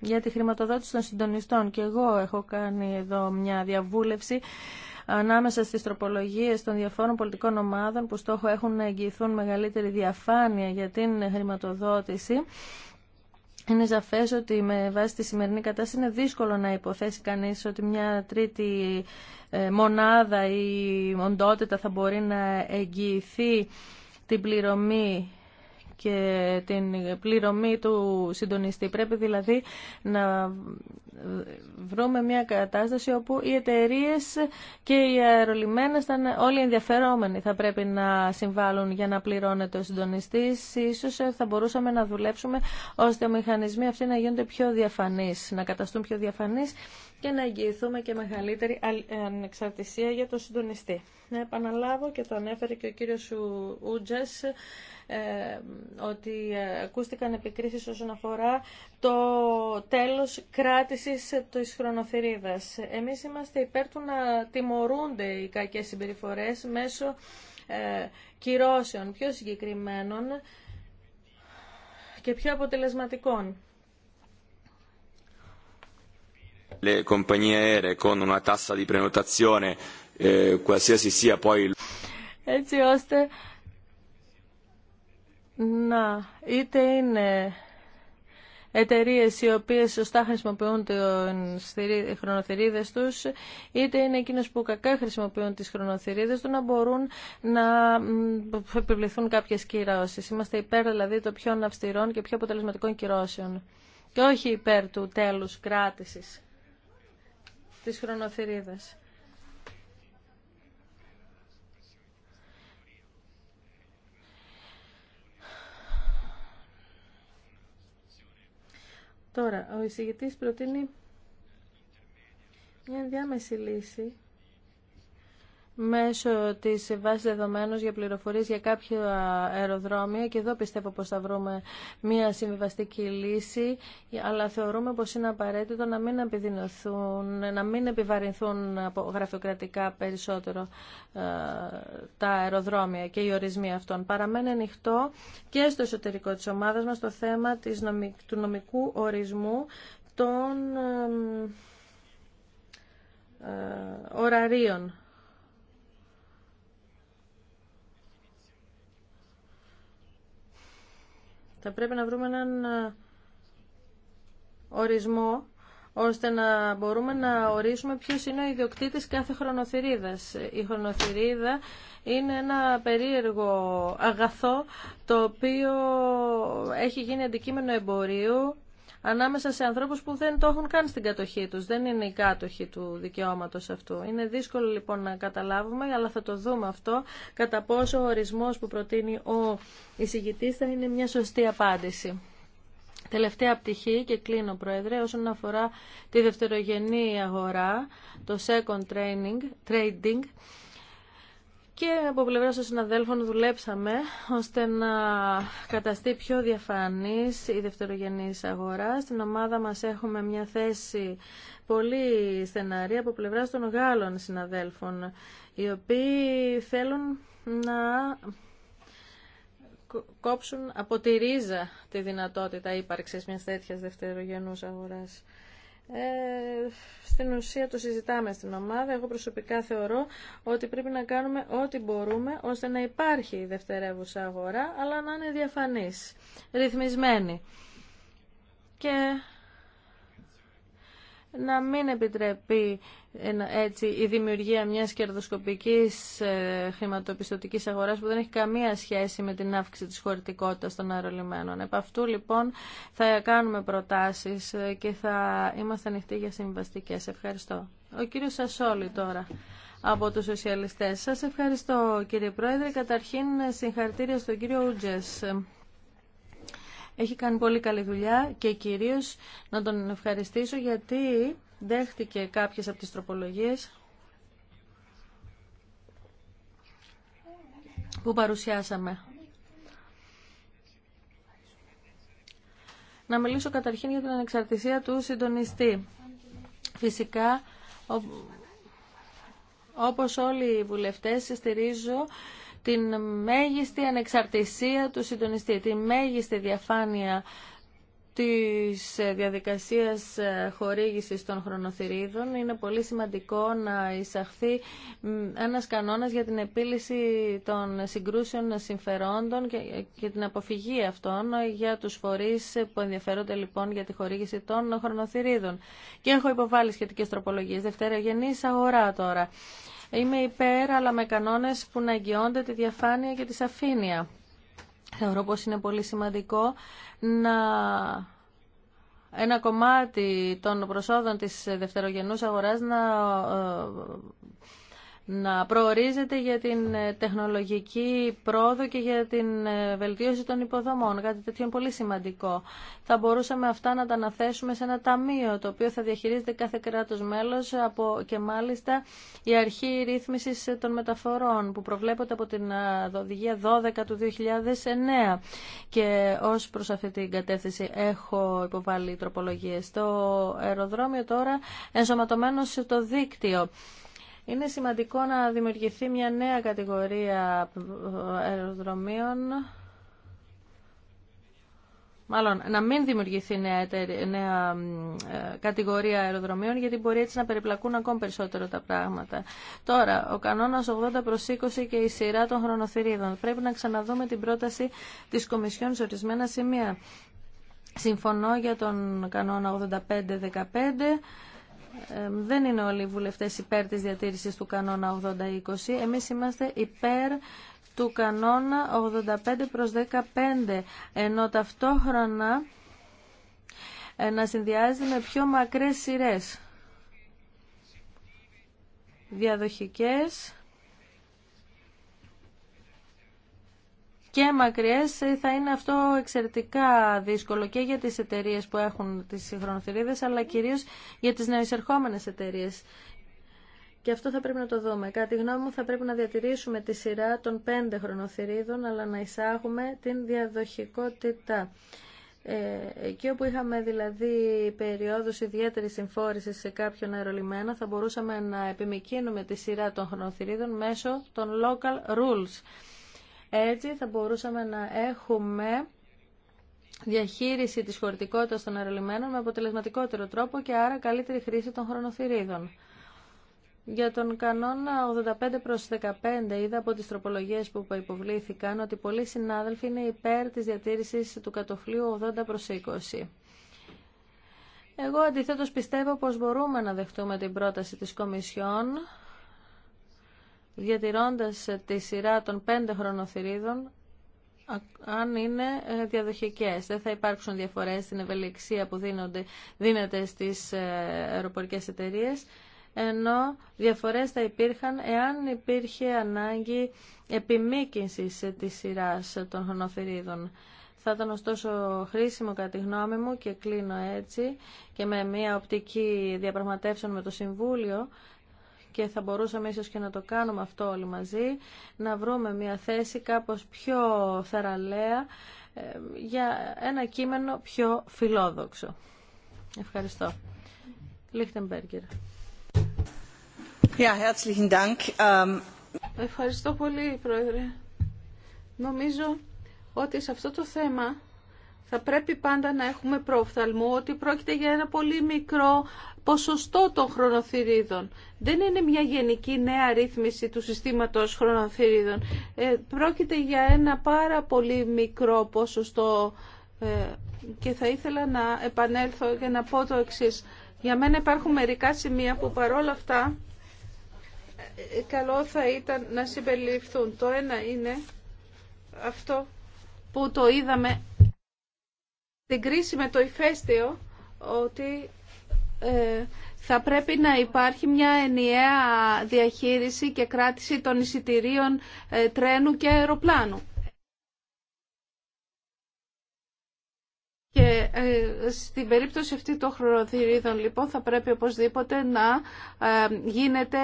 για τη χρηματοδότηση των συντονιστών. Και εγώ έχω κάνει εδώ μια διαβούλευση ανάμεσα στις τροπολογίες των διαφόρων πολιτικών ομάδων που στόχο έχουν να εγγυηθούν μεγαλύτερη διαφάνεια για την χρηματοδότηση είναι σαφέ ότι με βάση τη σημερινή κατάσταση είναι δύσκολο να υποθέσει κανείς ότι μια τρίτη ε, μονάδα ή οντότητα θα μπορεί να εγγυηθεί την πληρωμή και την πληρωμή του συντονιστή. Πρέπει δηλαδή να βρούμε μια κατάσταση όπου οι εταιρείε και οι αερολιμένες ήταν όλοι ενδιαφερόμενοι θα πρέπει να συμβάλλουν για να πληρώνεται ο συντονιστή. Ίσως θα μπορούσαμε να δουλέψουμε ώστε οι μηχανισμοί αυτοί να γίνονται πιο διαφανείς, να καταστούν πιο διαφανείς και να εγγυηθούμε και μεγαλύτερη ανεξαρτησία για τον συντονιστή. Να επαναλάβω και το ανέφερε και ο κύριος Ούτζας ε, ότι ε, ακούστηκαν επικρίσεις όσον αφορά το τέλος κράτησης της χρονοθυρίδας. Εμείς είμαστε υπέρ του να τιμωρούνται οι κακές συμπεριφορές μέσω ε, κυρώσεων πιο συγκεκριμένων και πιο αποτελεσματικών. Le compagnie aeree con una tassa di prenotazione έτσι ώστε να είτε είναι εταιρείε οι οποίε σωστά χρησιμοποιούν τι χρονοθυρίδε του, είτε είναι εκείνε που κακά χρησιμοποιούν τι χρονοθυρίδε του, να μπορούν να επιβληθούν κάποιε κυρώσει. Είμαστε υπέρ δηλαδή των πιο αυστηρών και πιο αποτελεσματικών κυρώσεων. Και όχι υπέρ του τέλου κράτηση τη χρονοθυρίδα. Τώρα, ο εισηγητής προτείνει μια διάμεση λύση μέσω τη βάση δεδομένων για πληροφορίες για κάποια αεροδρόμια και εδώ πιστεύω πως θα βρούμε μια συμβιβαστική λύση αλλά θεωρούμε πω είναι απαραίτητο να μην επιδεινωθούν, να μην επιβαρυνθούν από γραφειοκρατικά περισσότερο ε, τα αεροδρόμια και οι ορισμοί αυτών. Παραμένει ανοιχτό και στο εσωτερικό τη ομάδα μα το θέμα της του νομικού ορισμού των ε, ε Θα πρέπει να βρούμε έναν ε, ορισμό ώστε να μπορούμε να ορίσουμε ποιος είναι ο ιδιοκτήτης κάθε χρονοθυρίδας. Η χρονοθυρίδα είναι ένα περίεργο αγαθό το οποίο έχει γίνει αντικείμενο εμπορίου ανάμεσα σε ανθρώπους που δεν το έχουν καν στην κατοχή τους, δεν είναι οι κάτοχοι του δικαιώματος αυτού. Είναι δύσκολο λοιπόν να καταλάβουμε, αλλά θα το δούμε αυτό, κατά πόσο ο ορισμός που προτείνει ο εισηγητής θα είναι μια σωστή απάντηση. Τελευταία πτυχή και κλείνω Πρόεδρε όσον αφορά τη δευτερογενή αγορά, το second training, trading και από πλευρά των συναδέλφων δουλέψαμε ώστε να καταστεί πιο διαφανής η δευτερογενής αγορά. Στην ομάδα μας έχουμε μια θέση πολύ στεναρή από πλευρά των Γάλλων συναδέλφων, οι οποίοι θέλουν να κόψουν από τη ρίζα τη δυνατότητα ύπαρξης μιας τέτοιας δευτερογενούς αγοράς. Ε, στην ουσία το συζητάμε στην ομάδα. Εγώ προσωπικά θεωρώ ότι πρέπει να κάνουμε ό,τι μπορούμε ώστε να υπάρχει η δευτερεύουσα αγορά, αλλά να είναι διαφανής, ρυθμισμένη. Και να μην επιτρέπει έτσι η δημιουργία μιας κερδοσκοπικής ε, χρηματοπιστωτικής αγοράς που δεν έχει καμία σχέση με την αύξηση της χωρητικότητας των αερολιμένων. Επ' αυτού λοιπόν θα κάνουμε προτάσεις ε, και θα είμαστε ανοιχτοί για συμβαστικές. Ευχαριστώ. Ο κύριος Σασόλη τώρα από τους σοσιαλιστές. Σας ευχαριστώ κύριε Πρόεδρε. Καταρχήν συγχαρητήρια στον κύριο Ούτζες. Έχει κάνει πολύ καλή δουλειά και κυρίως να τον ευχαριστήσω γιατί δέχτηκε κάποιες από τις τροπολογίες που παρουσιάσαμε. Να μιλήσω καταρχήν για την ανεξαρτησία του συντονιστή. Φυσικά, όπως όλοι οι βουλευτές, στηρίζω την μέγιστη ανεξαρτησία του συντονιστή, τη μέγιστη διαφάνεια της ε, διαδικασίας ε, χορήγησης των χρονοθυρίδων είναι πολύ σημαντικό να εισαχθεί ένας κανόνας για την επίλυση των συγκρούσεων συμφερόντων και την αποφυγή αυτών για τους φορείς που ενδιαφέρονται λοιπόν για τη χορήγηση των χρονοθυρίδων. Και έχω υποβάλει σχετικές τροπολογίες. γεννής αγορά τώρα. Είμαι υπέρ αλλά με κανόνες που να εγγυώνται τη διαφάνεια και τη σαφήνεια. Θεωρώ πως είναι πολύ σημαντικό να ένα κομμάτι των προσόδων της δευτερογενούς αγοράς να ε, να προορίζεται για την ε, τεχνολογική πρόοδο και για την ε, βελτίωση των υποδομών. Κάτι τέτοιο πολύ σημαντικό. Θα μπορούσαμε αυτά να τα αναθέσουμε σε ένα ταμείο το οποίο θα διαχειρίζεται κάθε κράτος μέλος από, και μάλιστα η αρχή ρύθμισης των μεταφορών που προβλέπονται από την οδηγία 12 του 2009 και ως προς αυτή την κατεύθυνση έχω υποβάλει τροπολογίες. Το αεροδρόμιο τώρα ενσωματωμένο σε το δίκτυο. Είναι σημαντικό να δημιουργηθεί μια νέα κατηγορία αεροδρομίων μάλλον να μην δημιουργηθεί νέα, νέα ε, κατηγορία αεροδρομίων γιατί μπορεί έτσι να περιπλακούν ακόμη περισσότερο τα πράγματα. Τώρα, ο κανόνας 80 προ 20 και η σειρά των χρονοθυρίδων. Πρέπει να ξαναδούμε την πρόταση της Κομισιόν σε ορισμένα σημεία. Συμφωνώ για τον κανόνα 85-15 δεν είναι όλοι οι βουλευτές υπέρ της διατήρησης του κανόνα 80-20. Εμείς είμαστε υπέρ του κανόνα 85 προς 15, ενώ ταυτόχρονα ε, να συνδυάζεται με πιο μακρές σειρές διαδοχικές και μακριές ε, θα είναι αυτό εξαιρετικά δύσκολο και για τις εταιρείες που έχουν τις χρονοθυρίδες αλλά κυρίως για τις νεοεισερχόμενες εταιρείες. Και αυτό θα πρέπει να το δούμε. Κατά γνώμη μου θα πρέπει να διατηρήσουμε τη σειρά των πέντε χρονοθυρίδων αλλά να εισάγουμε την διαδοχικότητα. Ε, εκεί όπου είχαμε δηλαδή περιόδους ιδιαίτερης συμφόρησης σε κάποιον αερολιμένα θα μπορούσαμε να επιμηκύνουμε τη σειρά των χρονοθυρίδων μέσω των local rules. Έτσι θα μπορούσαμε να έχουμε διαχείριση της χωρητικότητας των αερολιμένων με αποτελεσματικότερο τρόπο και άρα καλύτερη χρήση των χρονοθυρίδων. Για τον κανόνα 85 προς 15 είδα από τις τροπολογίες που υποβλήθηκαν ότι πολλοί συνάδελφοι είναι υπέρ της διατήρησης του κατοφλίου 80 προς 20. Εγώ αντιθέτως πιστεύω πως μπορούμε να δεχτούμε την πρόταση της Κομισιόν διατηρώντας ε, τη σειρά των πέντε χρονοθυρίδων αν είναι ε, διαδοχικές. Δεν θα υπάρξουν διαφορές στην ευελιξία που δίνονται, δίνεται στις ε, αεροπορικές εταιρείες, ενώ διαφορές θα υπήρχαν εάν υπήρχε ανάγκη επιμήκυνσης της σειράς των χρονοθυρίδων. Θα ήταν ωστόσο χρήσιμο κατά τη γνώμη μου και κλείνω έτσι και με μια οπτική διαπραγματεύσεων με το Συμβούλιο και θα μπορούσαμε ίσως και να το κάνουμε αυτό όλοι μαζί, να βρούμε μια θέση κάπως πιο θεραλέα, ε, για ένα κείμενο πιο φιλόδοξο. Ευχαριστώ. Λίχτεμπεργκερ. Ja, herzlichen Dank. Ähm, Ευχαριστώ πολύ, Πρόεδρε. Νομίζω ότι σε αυτό το θέμα θα πρέπει πάντα να έχουμε προοφθαλμού ότι πρόκειται για ένα πολύ μικρό ποσοστό των χρονοθυρίδων. Δεν είναι μια γενική νέα ρύθμιση του συστήματος χρονοθυρίδων. Ε, πρόκειται για ένα πάρα πολύ μικρό ποσοστό ε, και θα ήθελα να επανέλθω και να πω το εξή. Για μένα υπάρχουν μερικά σημεία που παρόλα αυτά ε, καλό θα ήταν να συμπεριληφθούν. Το ένα είναι αυτό που το είδαμε την κρίση με το ηφαίστειο ότι ε, θα πρέπει να υπάρχει μια ενιαία διαχείριση και κράτηση των εισιτηρίων ε, τρένου και αεροπλάνου. Και ε, στην περίπτωση αυτή των χρονοθυρίδων, λοιπόν, θα πρέπει οπωσδήποτε να γίνεται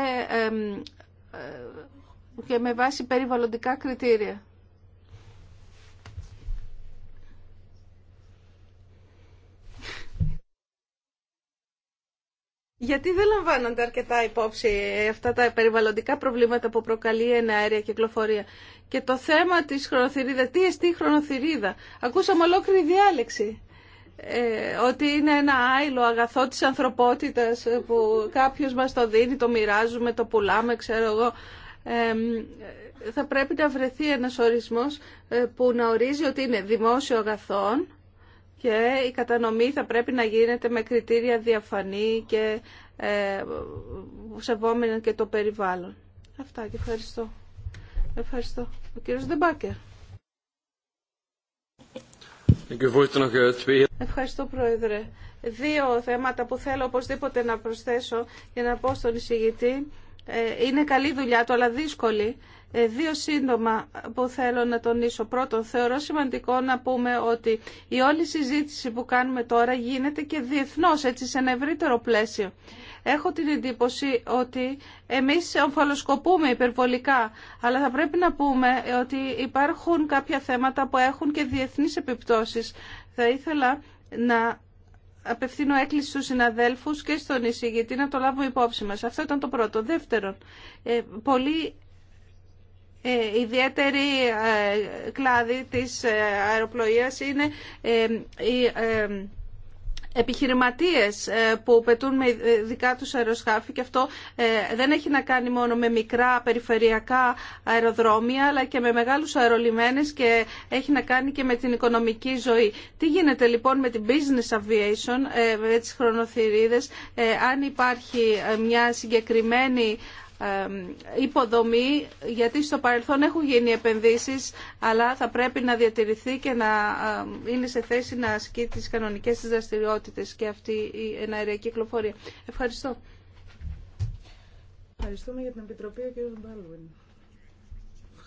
και με βάση περιβαλλοντικά κριτήρια. Γιατί δεν λαμβάνονται αρκετά υπόψη αυτά τα περιβαλλοντικά προβλήματα που προκαλεί η αέρια κυκλοφορία. Και το θέμα της χρονοθυρίδα, τι εστί χρονοθυρίδα. Ακούσαμε ολόκληρη διάλεξη ε, ότι είναι ένα άειλο αγαθό της ανθρωπότητας ε, που κάποιος μας το δίνει, το μοιράζουμε, το πουλάμε, ξέρω εγώ. θα πρέπει να βρεθεί ένας ορισμός ε, που να ορίζει ότι είναι δημόσιο αγαθόν και η κατανομή θα πρέπει να γίνεται με κριτήρια διαφανή και ε, σεβόμενα και το περιβάλλον. Αυτά και ευχαριστώ. Ευχαριστώ. Ο κύριος Δεμπάκερ. Eh, ευχαριστώ Πρόεδρε. Δύο θέματα που θέλω οπωσδήποτε να προσθέσω για να πω στον εισηγητή. Ε, είναι καλή δουλειά του αλλά δύσκολη ε, δύο σύντομα που θέλω να τονίσω. Πρώτον, θεωρώ σημαντικό να πούμε ότι η όλη συζήτηση που κάνουμε τώρα γίνεται και διεθνώς, έτσι, σε ένα ευρύτερο πλαίσιο. Έχω την εντύπωση ότι εμείς ομφαλοσκοπούμε υπερβολικά, αλλά θα πρέπει να πούμε ότι υπάρχουν κάποια θέματα που έχουν και διεθνείς επιπτώσεις. Θα ήθελα να απευθύνω έκκληση στους συναδέλφους και στον εισηγητή να το λάβουμε υπόψη μας. Αυτό ήταν το πρώτο. Δεύτερον, ε, πολύ. Ε, ιδιαίτερη ε, κλάδη της ε, αεροπλοείας είναι οι επιχειρηματίες που πετούν με δικά τους αεροσκάφη και αυτό δεν έχει να κάνει μόνο με μικρά περιφερειακά αεροδρόμια αλλά και με μεγάλους αερολιμένες και έχει να κάνει και με την οικονομική ζωή. Τι γίνεται λοιπόν με την business aviation, με τις χρονοθυρίδες, αν υπάρχει μια συγκεκριμένη υποδομή, γιατί στο παρελθόν έχουν γίνει επενδύσεις, αλλά θα πρέπει να διατηρηθεί και να είναι σε θέση να ασκεί τις κανονικές της δραστηριότητες και αυτή η εναερία κυκλοφορία. Ευχαριστώ. Ευχαριστούμε για την Επιτροπή, ο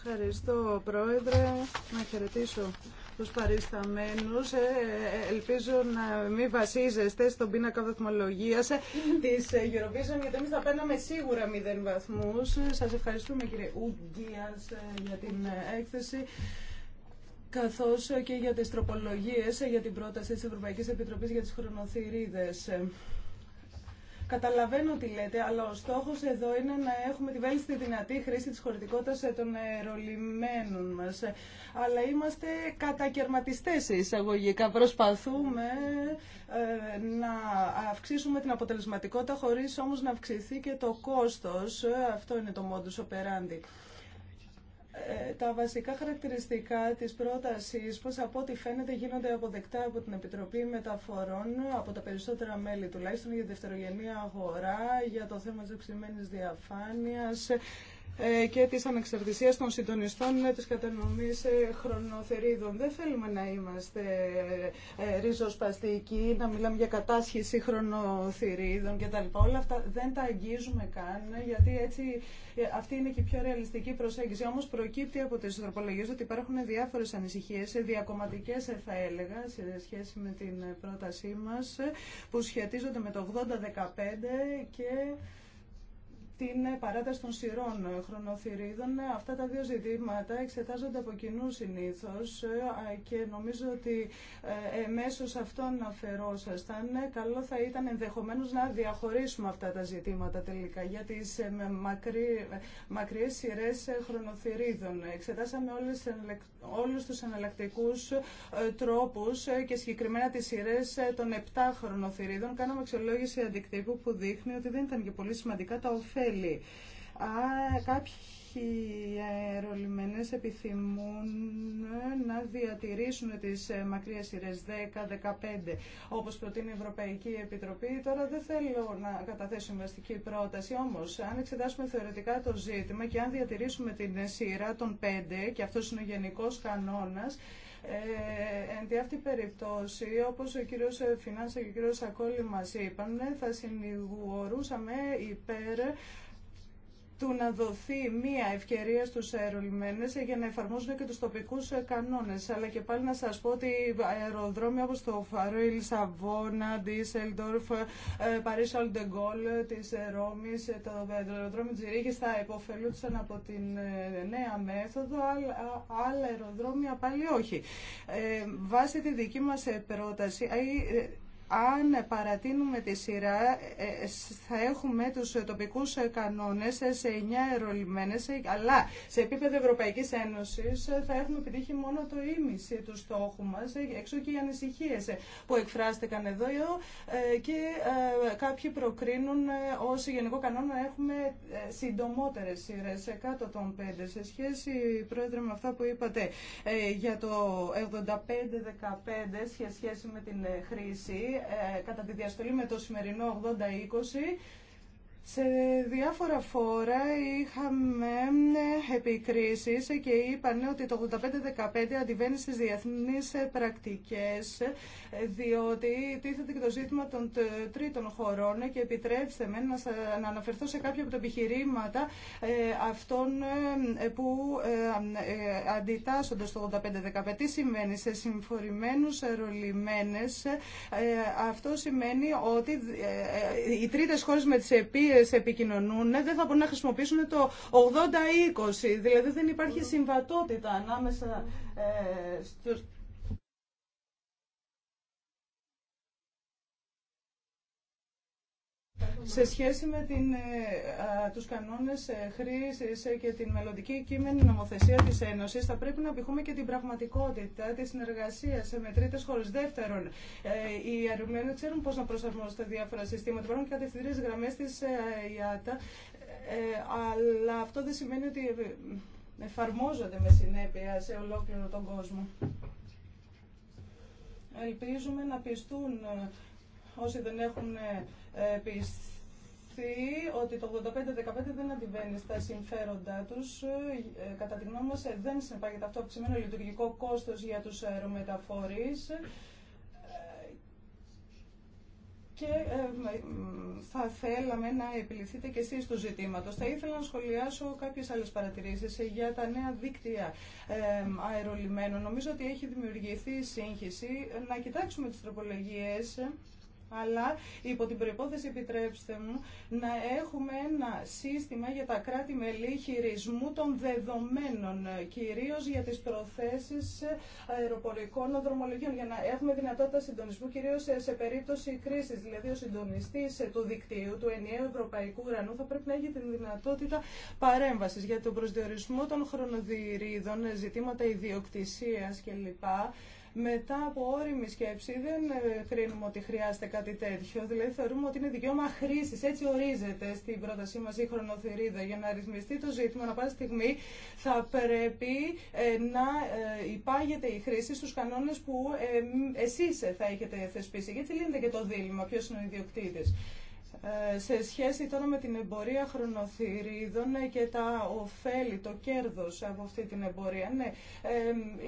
Ευχαριστώ, Πρόεδρε. Να χαιρετήσω τους παρισταμένους. Ε, ελπίζω να μην βασίζεστε στον πίνακα βαθμολογίας της Eurovision, γιατί εμείς θα παίρναμε σίγουρα μηδέν βαθμούς. Σας ευχαριστούμε κύριε Ουγγίας για την έκθεση καθώς και για τις τροπολογίες για την πρόταση της Ευρωπαϊκής Επιτροπής για τις χρονοθυρίδες. Καταλαβαίνω τι λέτε, αλλά ο στόχος εδώ είναι να έχουμε τη βέλτιστη δυνατή χρήση της χωρητικότητα των ρολιμένων μας. Αλλά είμαστε κατακαιρματιστές εισαγωγικά. Προσπαθούμε ε, να αυξήσουμε την αποτελεσματικότητα χωρίς όμως να αυξηθεί και το κόστος. Αυτό είναι το modus operandi. Ε, τα βασικά χαρακτηριστικά της πρότασης, πως από ό,τι φαίνεται γίνονται αποδεκτά από την Επιτροπή Μεταφορών, από τα περισσότερα μέλη τουλάχιστον για τη δευτερογενή αγορά, για το θέμα της οξυμένης διαφάνειας, ε, και της ανεξαρτησίας των συντονιστών ε, της κατανομής ε, χρονοθερίδων. Δεν θέλουμε να είμαστε ριζοσπαστικοί, να μιλάμε για κατάσχεση χρονοθερίδων κτλ. Όλα αυτά δεν τα αγγίζουμε καν, γιατί έτσι αυτή είναι και η πιο ρεαλιστική προσέγγιση. Όμως προκύπτει από τις τροπολογίες ότι υπάρχουν διάφορες ανησυχίες, διακομματικές θα έλεγα, σε σχέση με την πρότασή μας, που σχετίζονται με το 80-15 και την παράταση των σειρών χρονοθυρίδων. Αυτά τα δύο ζητήματα εξετάζονται από κοινού συνήθω ε, και νομίζω ότι ε, μέσω αυτών αφαιρόσασταν. Ε, καλό θα ήταν ενδεχομένω να διαχωρίσουμε αυτά τα ζητήματα τελικά για τι μακριέ σειρέ χρονοθυρίδων. Εξετάσαμε όλου του εναλλακτικού τρόπου και συγκεκριμένα τι σειρέ των 7 χρονοθυρίδων. Κάναμε αξιολόγηση αντικτύπου που δείχνει ότι δεν ήταν και πολύ σημαντικά τα ωφέλη θέλει. Α, κάποιοι αερολιμένες επιθυμούν να διατηρήσουν τις ε, μακριές σειρές 10-15 όπως προτείνει η Ευρωπαϊκή Επιτροπή. Τώρα δεν θέλω να καταθέσω συμβαστική πρόταση, όμως αν εξετάσουμε θεωρητικά το ζήτημα και αν διατηρήσουμε την σειρά των 5 και αυτός είναι ο γενικός κανόνας, ε, εν τη αυτή περιπτώσει, όπως ο κύριος Φινάνσα και ο κύριος Σακόλη μας είπαν, ε, θα συνηγορούσαμε υπέρ του να δοθεί μία ευκαιρία στους αερολιμένες για να εφαρμόσουν και τους τοπικούς κανόνες. Αλλά και πάλι να σας πω ότι αεροδρόμια όπω το η Λισαβόνα, Ντίσσελντορφ, ε, Παρίσι Αλντεγκόλ, της Ρώμης, το αεροδρόμιο της Ρήγης θα υποφελούνταν από την ε, νέα μέθοδο, αλλά άλλα αεροδρόμια πάλι όχι. Ε, βάσει τη δική μα πρόταση, αν παρατείνουμε τη σειρά, ε, ε, θα έχουμε τους ε, τοπικούς κανόνες σε 9 ερολιμένες, αλλά σε επίπεδο Ευρωπαϊκής Ένωσης θα έχουμε επιτύχει μόνο το ίμιση του στόχου μας, έξω και οι ανησυχίες που εκφράστηκαν εδώ και κάποιοι προκρίνουν ως γενικό κανόνα να έχουμε συντομότερες σειρές, κάτω των 5. Σε σχέση, Πρόεδρε, με αυτά που είπατε για το 75 15 σε σχέση με την χρήση, ε, κατά τη διαστολή με το σημερινό 80-20 σε διάφορα φόρα είχαμε ε, επικρίσεις και είπαν ότι το 85-15 αντιβαίνει στις διεθνείς ε, πρακτικές ε, διότι τίθεται και το ζήτημα των τρίτων χωρών και επιτρέψτε με να αναφερθώ σε κάποια από τα επιχειρήματα αυτών που αντιτάσσονται στο 85-15. Τι σημαίνει σε συμφορημένους ρολιμένες αυτό σημαίνει ότι οι τρίτες χώρες με οποίες επικοινωνούν δεν θα μπορούν να χρησιμοποιήσουν το 80-20. Δηλαδή δεν υπάρχει συμβατότητα ανάμεσα ε, στους Σε σχέση με την, κανόνε τους κανόνες ε, χρήσης ε, και την μελλοντική κείμενη νομοθεσία της Ένωσης, θα πρέπει να πηχούμε και την πραγματικότητα της συνεργασίας με τρίτες χώρες. Δεύτερον, ε, οι Αρουμένοι ξέρουν πώς να προσαρμόζουν τα διάφορα συστήματα. Υπάρχουν και κατευθυντήρες γραμμές της ΙΑΤΑ, αλλά αυτό δεν σημαίνει ότι εφαρμόζονται με συνέπεια σε ολόκληρο τον κόσμο. Ελπίζουμε να πιστούν όσοι δεν έχουν πιστεί ότι το 85-15 δεν αντιβαίνει στα συμφέροντά τους. Ε, κατά τη γνώμη μας ε, δεν συνεπάγεται αυτό αυξημένο λειτουργικό κόστος για τους αερομεταφορεί. Ε, και θα θέλαμε να επιληθείτε και εσείς του ζητήματος. Θα ήθελα να σχολιάσω κάποιες άλλες παρατηρήσεις για τα νέα δίκτυα αερολιμένων. Νομίζω ότι έχει δημιουργηθεί σύγχυση. Να κοιτάξουμε τις τροπολογίες αλλά υπό την προϋπόθεση επιτρέψτε μου να έχουμε ένα σύστημα για τα κράτη-μελή χειρισμού των δεδομένων, κυρίως για τις προθέσεις αεροπορικών δρομολογίων, για να έχουμε δυνατότητα συντονισμού, κυρίως σε περίπτωση κρίσης. Δηλαδή, ο συντονιστής του δικτύου, του ενιαίου ευρωπαϊκού ουρανού, θα πρέπει να έχει την δυνατότητα παρέμβασης για τον προσδιορισμό των χρονοδιρίδων, ζητήματα ιδιοκτησίας κλπ μετά από όριμη σκέψη δεν ε, κρίνουμε ότι χρειάζεται κάτι τέτοιο. Δηλαδή θεωρούμε ότι είναι δικαίωμα χρήση. Έτσι ορίζεται στην πρότασή μα η χρονοθυρίδα. Για να ρυθμιστεί το ζήτημα, να πάει στιγμή, θα πρέπει ε, να ε, υπάγεται η χρήση στου κανόνε που εσεί θα έχετε θεσπίσει. Γιατί λύνεται και το δίλημα ποιο είναι ο ιδιοκτήτη σε σχέση τώρα με την εμπορία χρονοθυρίδων και τα ωφέλη, το κέρδος από αυτή την εμπορία. Ναι,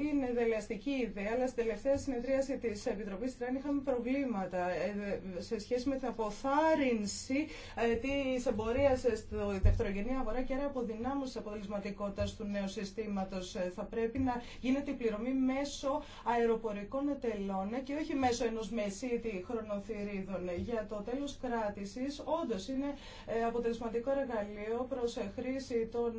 είναι δελεαστική ιδέα, αλλά στην τελευταία συνεδρίαση της Επιτροπής Τράν είχαμε προβλήματα ε, σε σχέση με την αποθάρρυνση ε, της εμπορίας στο δευτερογενή αγορά και άρα αποδυνάμωση αποτελεσματικότητας του νέου συστήματος. Ε, θα πρέπει να γίνεται η πληρωμή μέσω αεροπορικών τελών και όχι μέσω ενός μεσίτη χρονοθυρίδων. Για το τέλος κράτηση διαχείρισης όντως είναι ε, αποτελεσματικό εργαλείο προ ε, χρήση των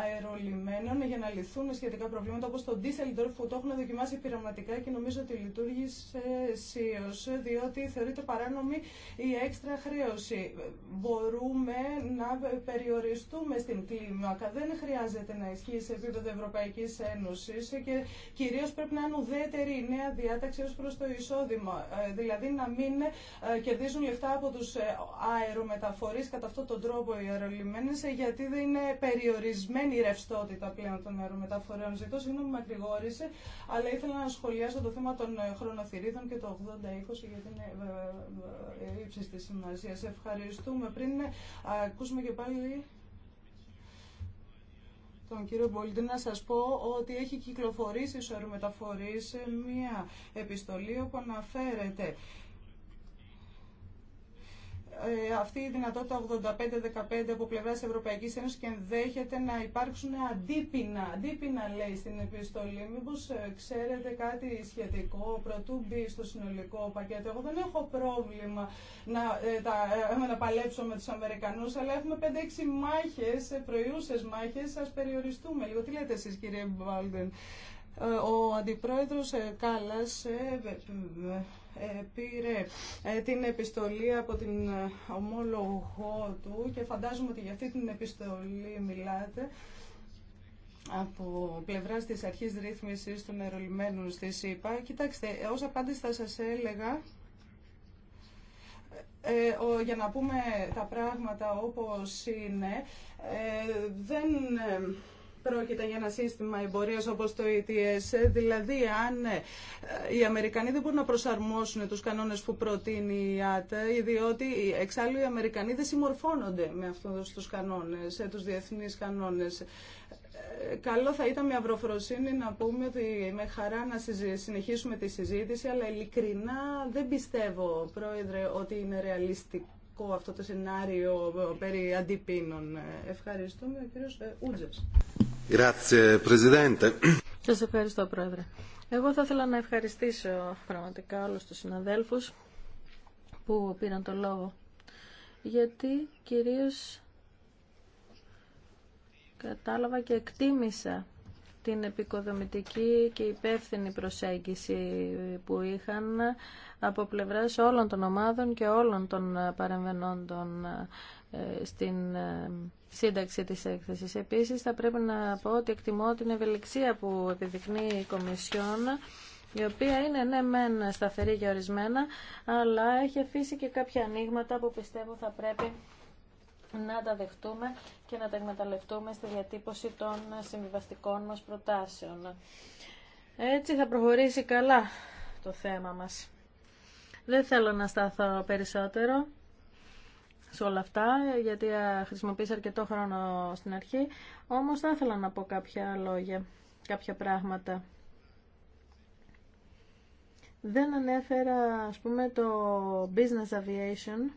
αερολιμένων για να λυθούν σχετικά προβλήματα όπως το Düsseldorf που το έχουν δοκιμάσει πειραματικά και νομίζω ότι λειτουργήσε αισίω, διότι θεωρείται παράνομη η έξτρα χρέωση. Μπορούμε να ε, περιοριστούμε στην κλίμακα. Δεν χρειάζεται να ισχύει σε επίπεδο Ευρωπαϊκή Ένωση και κυρίω πρέπει να είναι ουδέτερη η νέα διάταξη ω προ το εισόδημα. Δηλαδή να μην κερδίζουν οι λεφτά από τους ε, αερομεταφορείς κατά αυτόν τον τρόπο οι αερολιμένες ε, γιατί δεν είναι περιορισμένη η ρευστότητα πλέον των αερομεταφορέων. Ζητώ συγγνώμη με ακρηγόρησε, αλλά ήθελα να σχολιάσω το θέμα των ε, χρονοθυρίδων και το 80-20 γιατί είναι ύψης τη σημασία. Ευχαριστούμε. Πριν ακούσουμε και πάλι τον κύριο Μπολντή να σας πω ότι έχει κυκλοφορήσει στους αερομεταφορείς μία επιστολή όπου αναφέρεται ε, αυτή η δυνατότητα 85-15 από πλευρά τη Ευρωπαϊκή Ένωση και ενδέχεται να υπάρξουν αντίπεινα. Αντίπεινα λέει στην επιστολή. Μήπω ε, ξέρετε κάτι σχετικό πρωτού μπει στο συνολικό πακέτο. Εγώ δεν έχω πρόβλημα να, ε, τα, να παλέψω με του Αμερικανού, αλλά έχουμε 5-6 μάχε, προϊούσε μάχε. Α περιοριστούμε λίγο. Τι λέτε εσεί, κύριε Μπάλντεν. Ο αντιπρόεδρος Κάλλας πήρε ε, την επιστολή από την ε, ομόλογό του και φαντάζομαι ότι για αυτή την επιστολή μιλάτε από πλευρά τη αρχή ρύθμιση των ερωλημένων στη ΣΥΠΑ. Κοιτάξτε, ω απάντηση θα σα έλεγα ε, για να πούμε τα πράγματα όπως είναι, δεν Πρόκειται για ένα σύστημα εμπορίας όπως το ETS, δηλαδή αν ε, οι Αμερικανοί δεν μπορούν να προσαρμόσουν τους κανόνες που προτείνει η ΆΤΑ, διότι εξάλλου οι Αμερικανοί δεν συμμορφώνονται με αυτούς τους κανόνες, ε, τους διεθνείς κανόνες. Ε, καλό θα ήταν με αυροφροσύνη να πούμε ότι με χαρά να συνεχίσουμε τη συζήτηση, αλλά ειλικρινά δεν πιστεύω, Πρόεδρε, ότι είναι ρεαλιστικό κακό αυτό το σενάριο ε, περί αντιπίνων. Ε, ευχαριστούμε, ο κύριος ε, Ούτζες. Σα ευχαριστώ, Πρόεδρε. Εγώ θα ήθελα να ευχαριστήσω πραγματικά όλους τους συναδέλφους που πήραν το λόγο, γιατί κυρίως κατάλαβα και εκτίμησα την επικοδομητική και υπεύθυνη προσέγγιση που είχαν από πλευράς όλων των ομάδων και όλων των παρεμβενόντων ε, στην ε, σύνταξη της έκθεσης. Επίσης θα πρέπει να πω ότι εκτιμώ την ευελιξία που επιδεικνύει η Κομισιόν η οποία είναι ναι μεν σταθερή για ορισμένα, αλλά έχει αφήσει και κάποια ανοίγματα που πιστεύω θα πρέπει να τα δεχτούμε και να τα εκμεταλλευτούμε στη διατύπωση των συμβιβαστικών μας προτάσεων. Έτσι θα προχωρήσει καλά το θέμα μας. Δεν θέλω να σταθώ περισσότερο σε όλα αυτά, γιατί χρησιμοποίησα αρκετό χρόνο στην αρχή, όμως θα ήθελα να πω κάποια λόγια, κάποια πράγματα. Δεν ανέφερα, ας πούμε, το business aviation,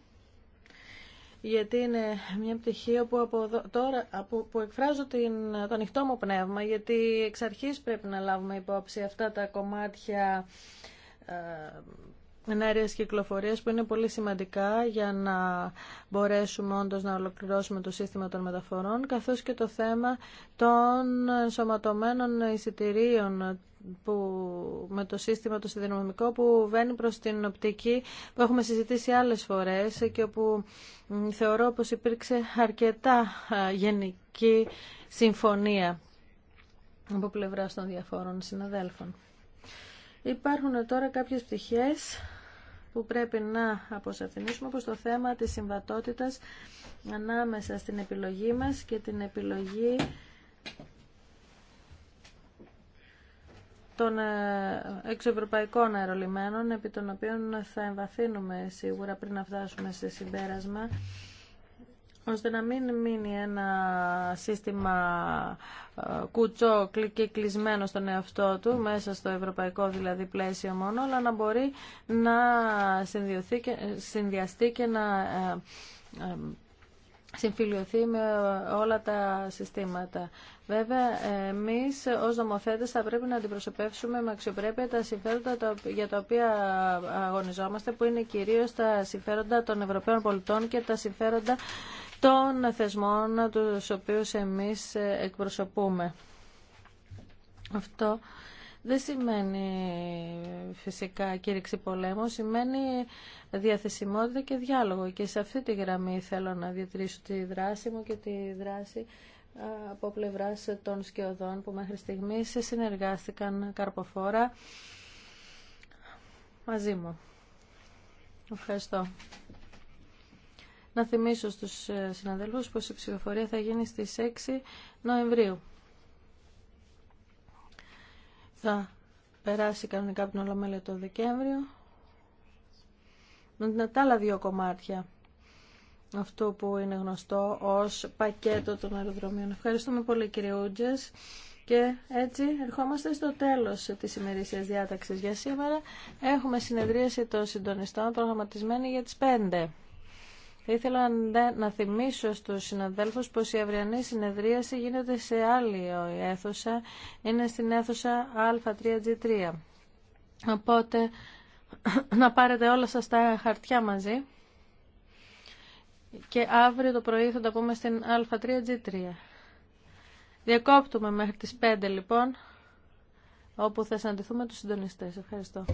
γιατί είναι μια πτυχή που από τώρα, από, που εκφράζω την, το ανοιχτό μου πνεύμα, γιατί εξ αρχής πρέπει να λάβουμε υπόψη αυτά τα κομμάτια ε, ενέργειας κυκλοφορίας που είναι πολύ σημαντικά για να μπορέσουμε όντω να ολοκληρώσουμε το σύστημα των μεταφορών καθώς και το θέμα των ενσωματωμένων εισιτηρίων που, με το σύστημα το σιδηροδρομικό που βαίνει προς την οπτική που έχουμε συζητήσει άλλες φορές και όπου θεωρώ πως υπήρξε αρκετά γενική συμφωνία από πλευρά των διαφόρων συναδέλφων. Υπάρχουν τώρα κάποιες πτυχές που πρέπει να αποσαφηνίσουμε όπως το θέμα της συμβατότητας ανάμεσα στην επιλογή μας και την επιλογή των ε, εξωευρωπαϊκών αερολιμένων επί των οποίων θα εμβαθύνουμε σίγουρα πριν να φτάσουμε σε συμπέρασμα ώστε να μην μείνει ένα σύστημα ε, κουτσό και κλεισμένο στον εαυτό του, μέσα στο ευρωπαϊκό δηλαδή πλαίσιο μόνο, αλλά να μπορεί να και, συνδυαστεί και να ε, ε, συμφιλειωθεί με όλα τα συστήματα. Βέβαια, εμείς ως νομοθέτε θα πρέπει να αντιπροσωπεύσουμε με αξιοπρέπεια τα συμφέροντα για τα οποία αγωνιζόμαστε, που είναι κυρίως τα συμφέροντα των Ευρωπαίων πολιτών και τα συμφέροντα των θεσμών του οποίους εμείς εκπροσωπούμε. Αυτό δεν σημαίνει φυσικά κήρυξη πολέμου, σημαίνει διαθεσιμότητα και διάλογο. Και σε αυτή τη γραμμή θέλω να διατηρήσω τη δράση μου και τη δράση από πλευράς των σκιωδών που μέχρι στιγμή συνεργάστηκαν καρποφόρα μαζί μου. Ευχαριστώ. Να θυμίσω στους ε, συναδελφούς πως η ψηφοφορία θα γίνει στις 6 Νοεμβρίου. Θα περάσει κανονικά από την Ολομέλεια το Δεκέμβριο. Με τα άλλα δύο κομμάτια αυτό που είναι γνωστό ως πακέτο των αεροδρομίων. Ευχαριστούμε πολύ κύριε Ούτζες. Και έτσι ερχόμαστε στο τέλος της ημερήσιας διάταξης για σήμερα. Έχουμε συνεδρίαση των συντονιστών προγραμματισμένη για τις 5. Θα ήθελα να θυμίσω στους συναδέλφους πως η αυριανή συνεδρίαση γίνεται σε άλλη αίθουσα. Είναι στην αίθουσα Α3G3. Οπότε <clears throat> να πάρετε όλα σας τα χαρτιά μαζί. Και αύριο το πρωί θα τα πούμε στην Α3G3. Διακόπτουμε μέχρι τις 5 λοιπόν, όπου θα συναντηθούμε τους συντονιστές. Ευχαριστώ.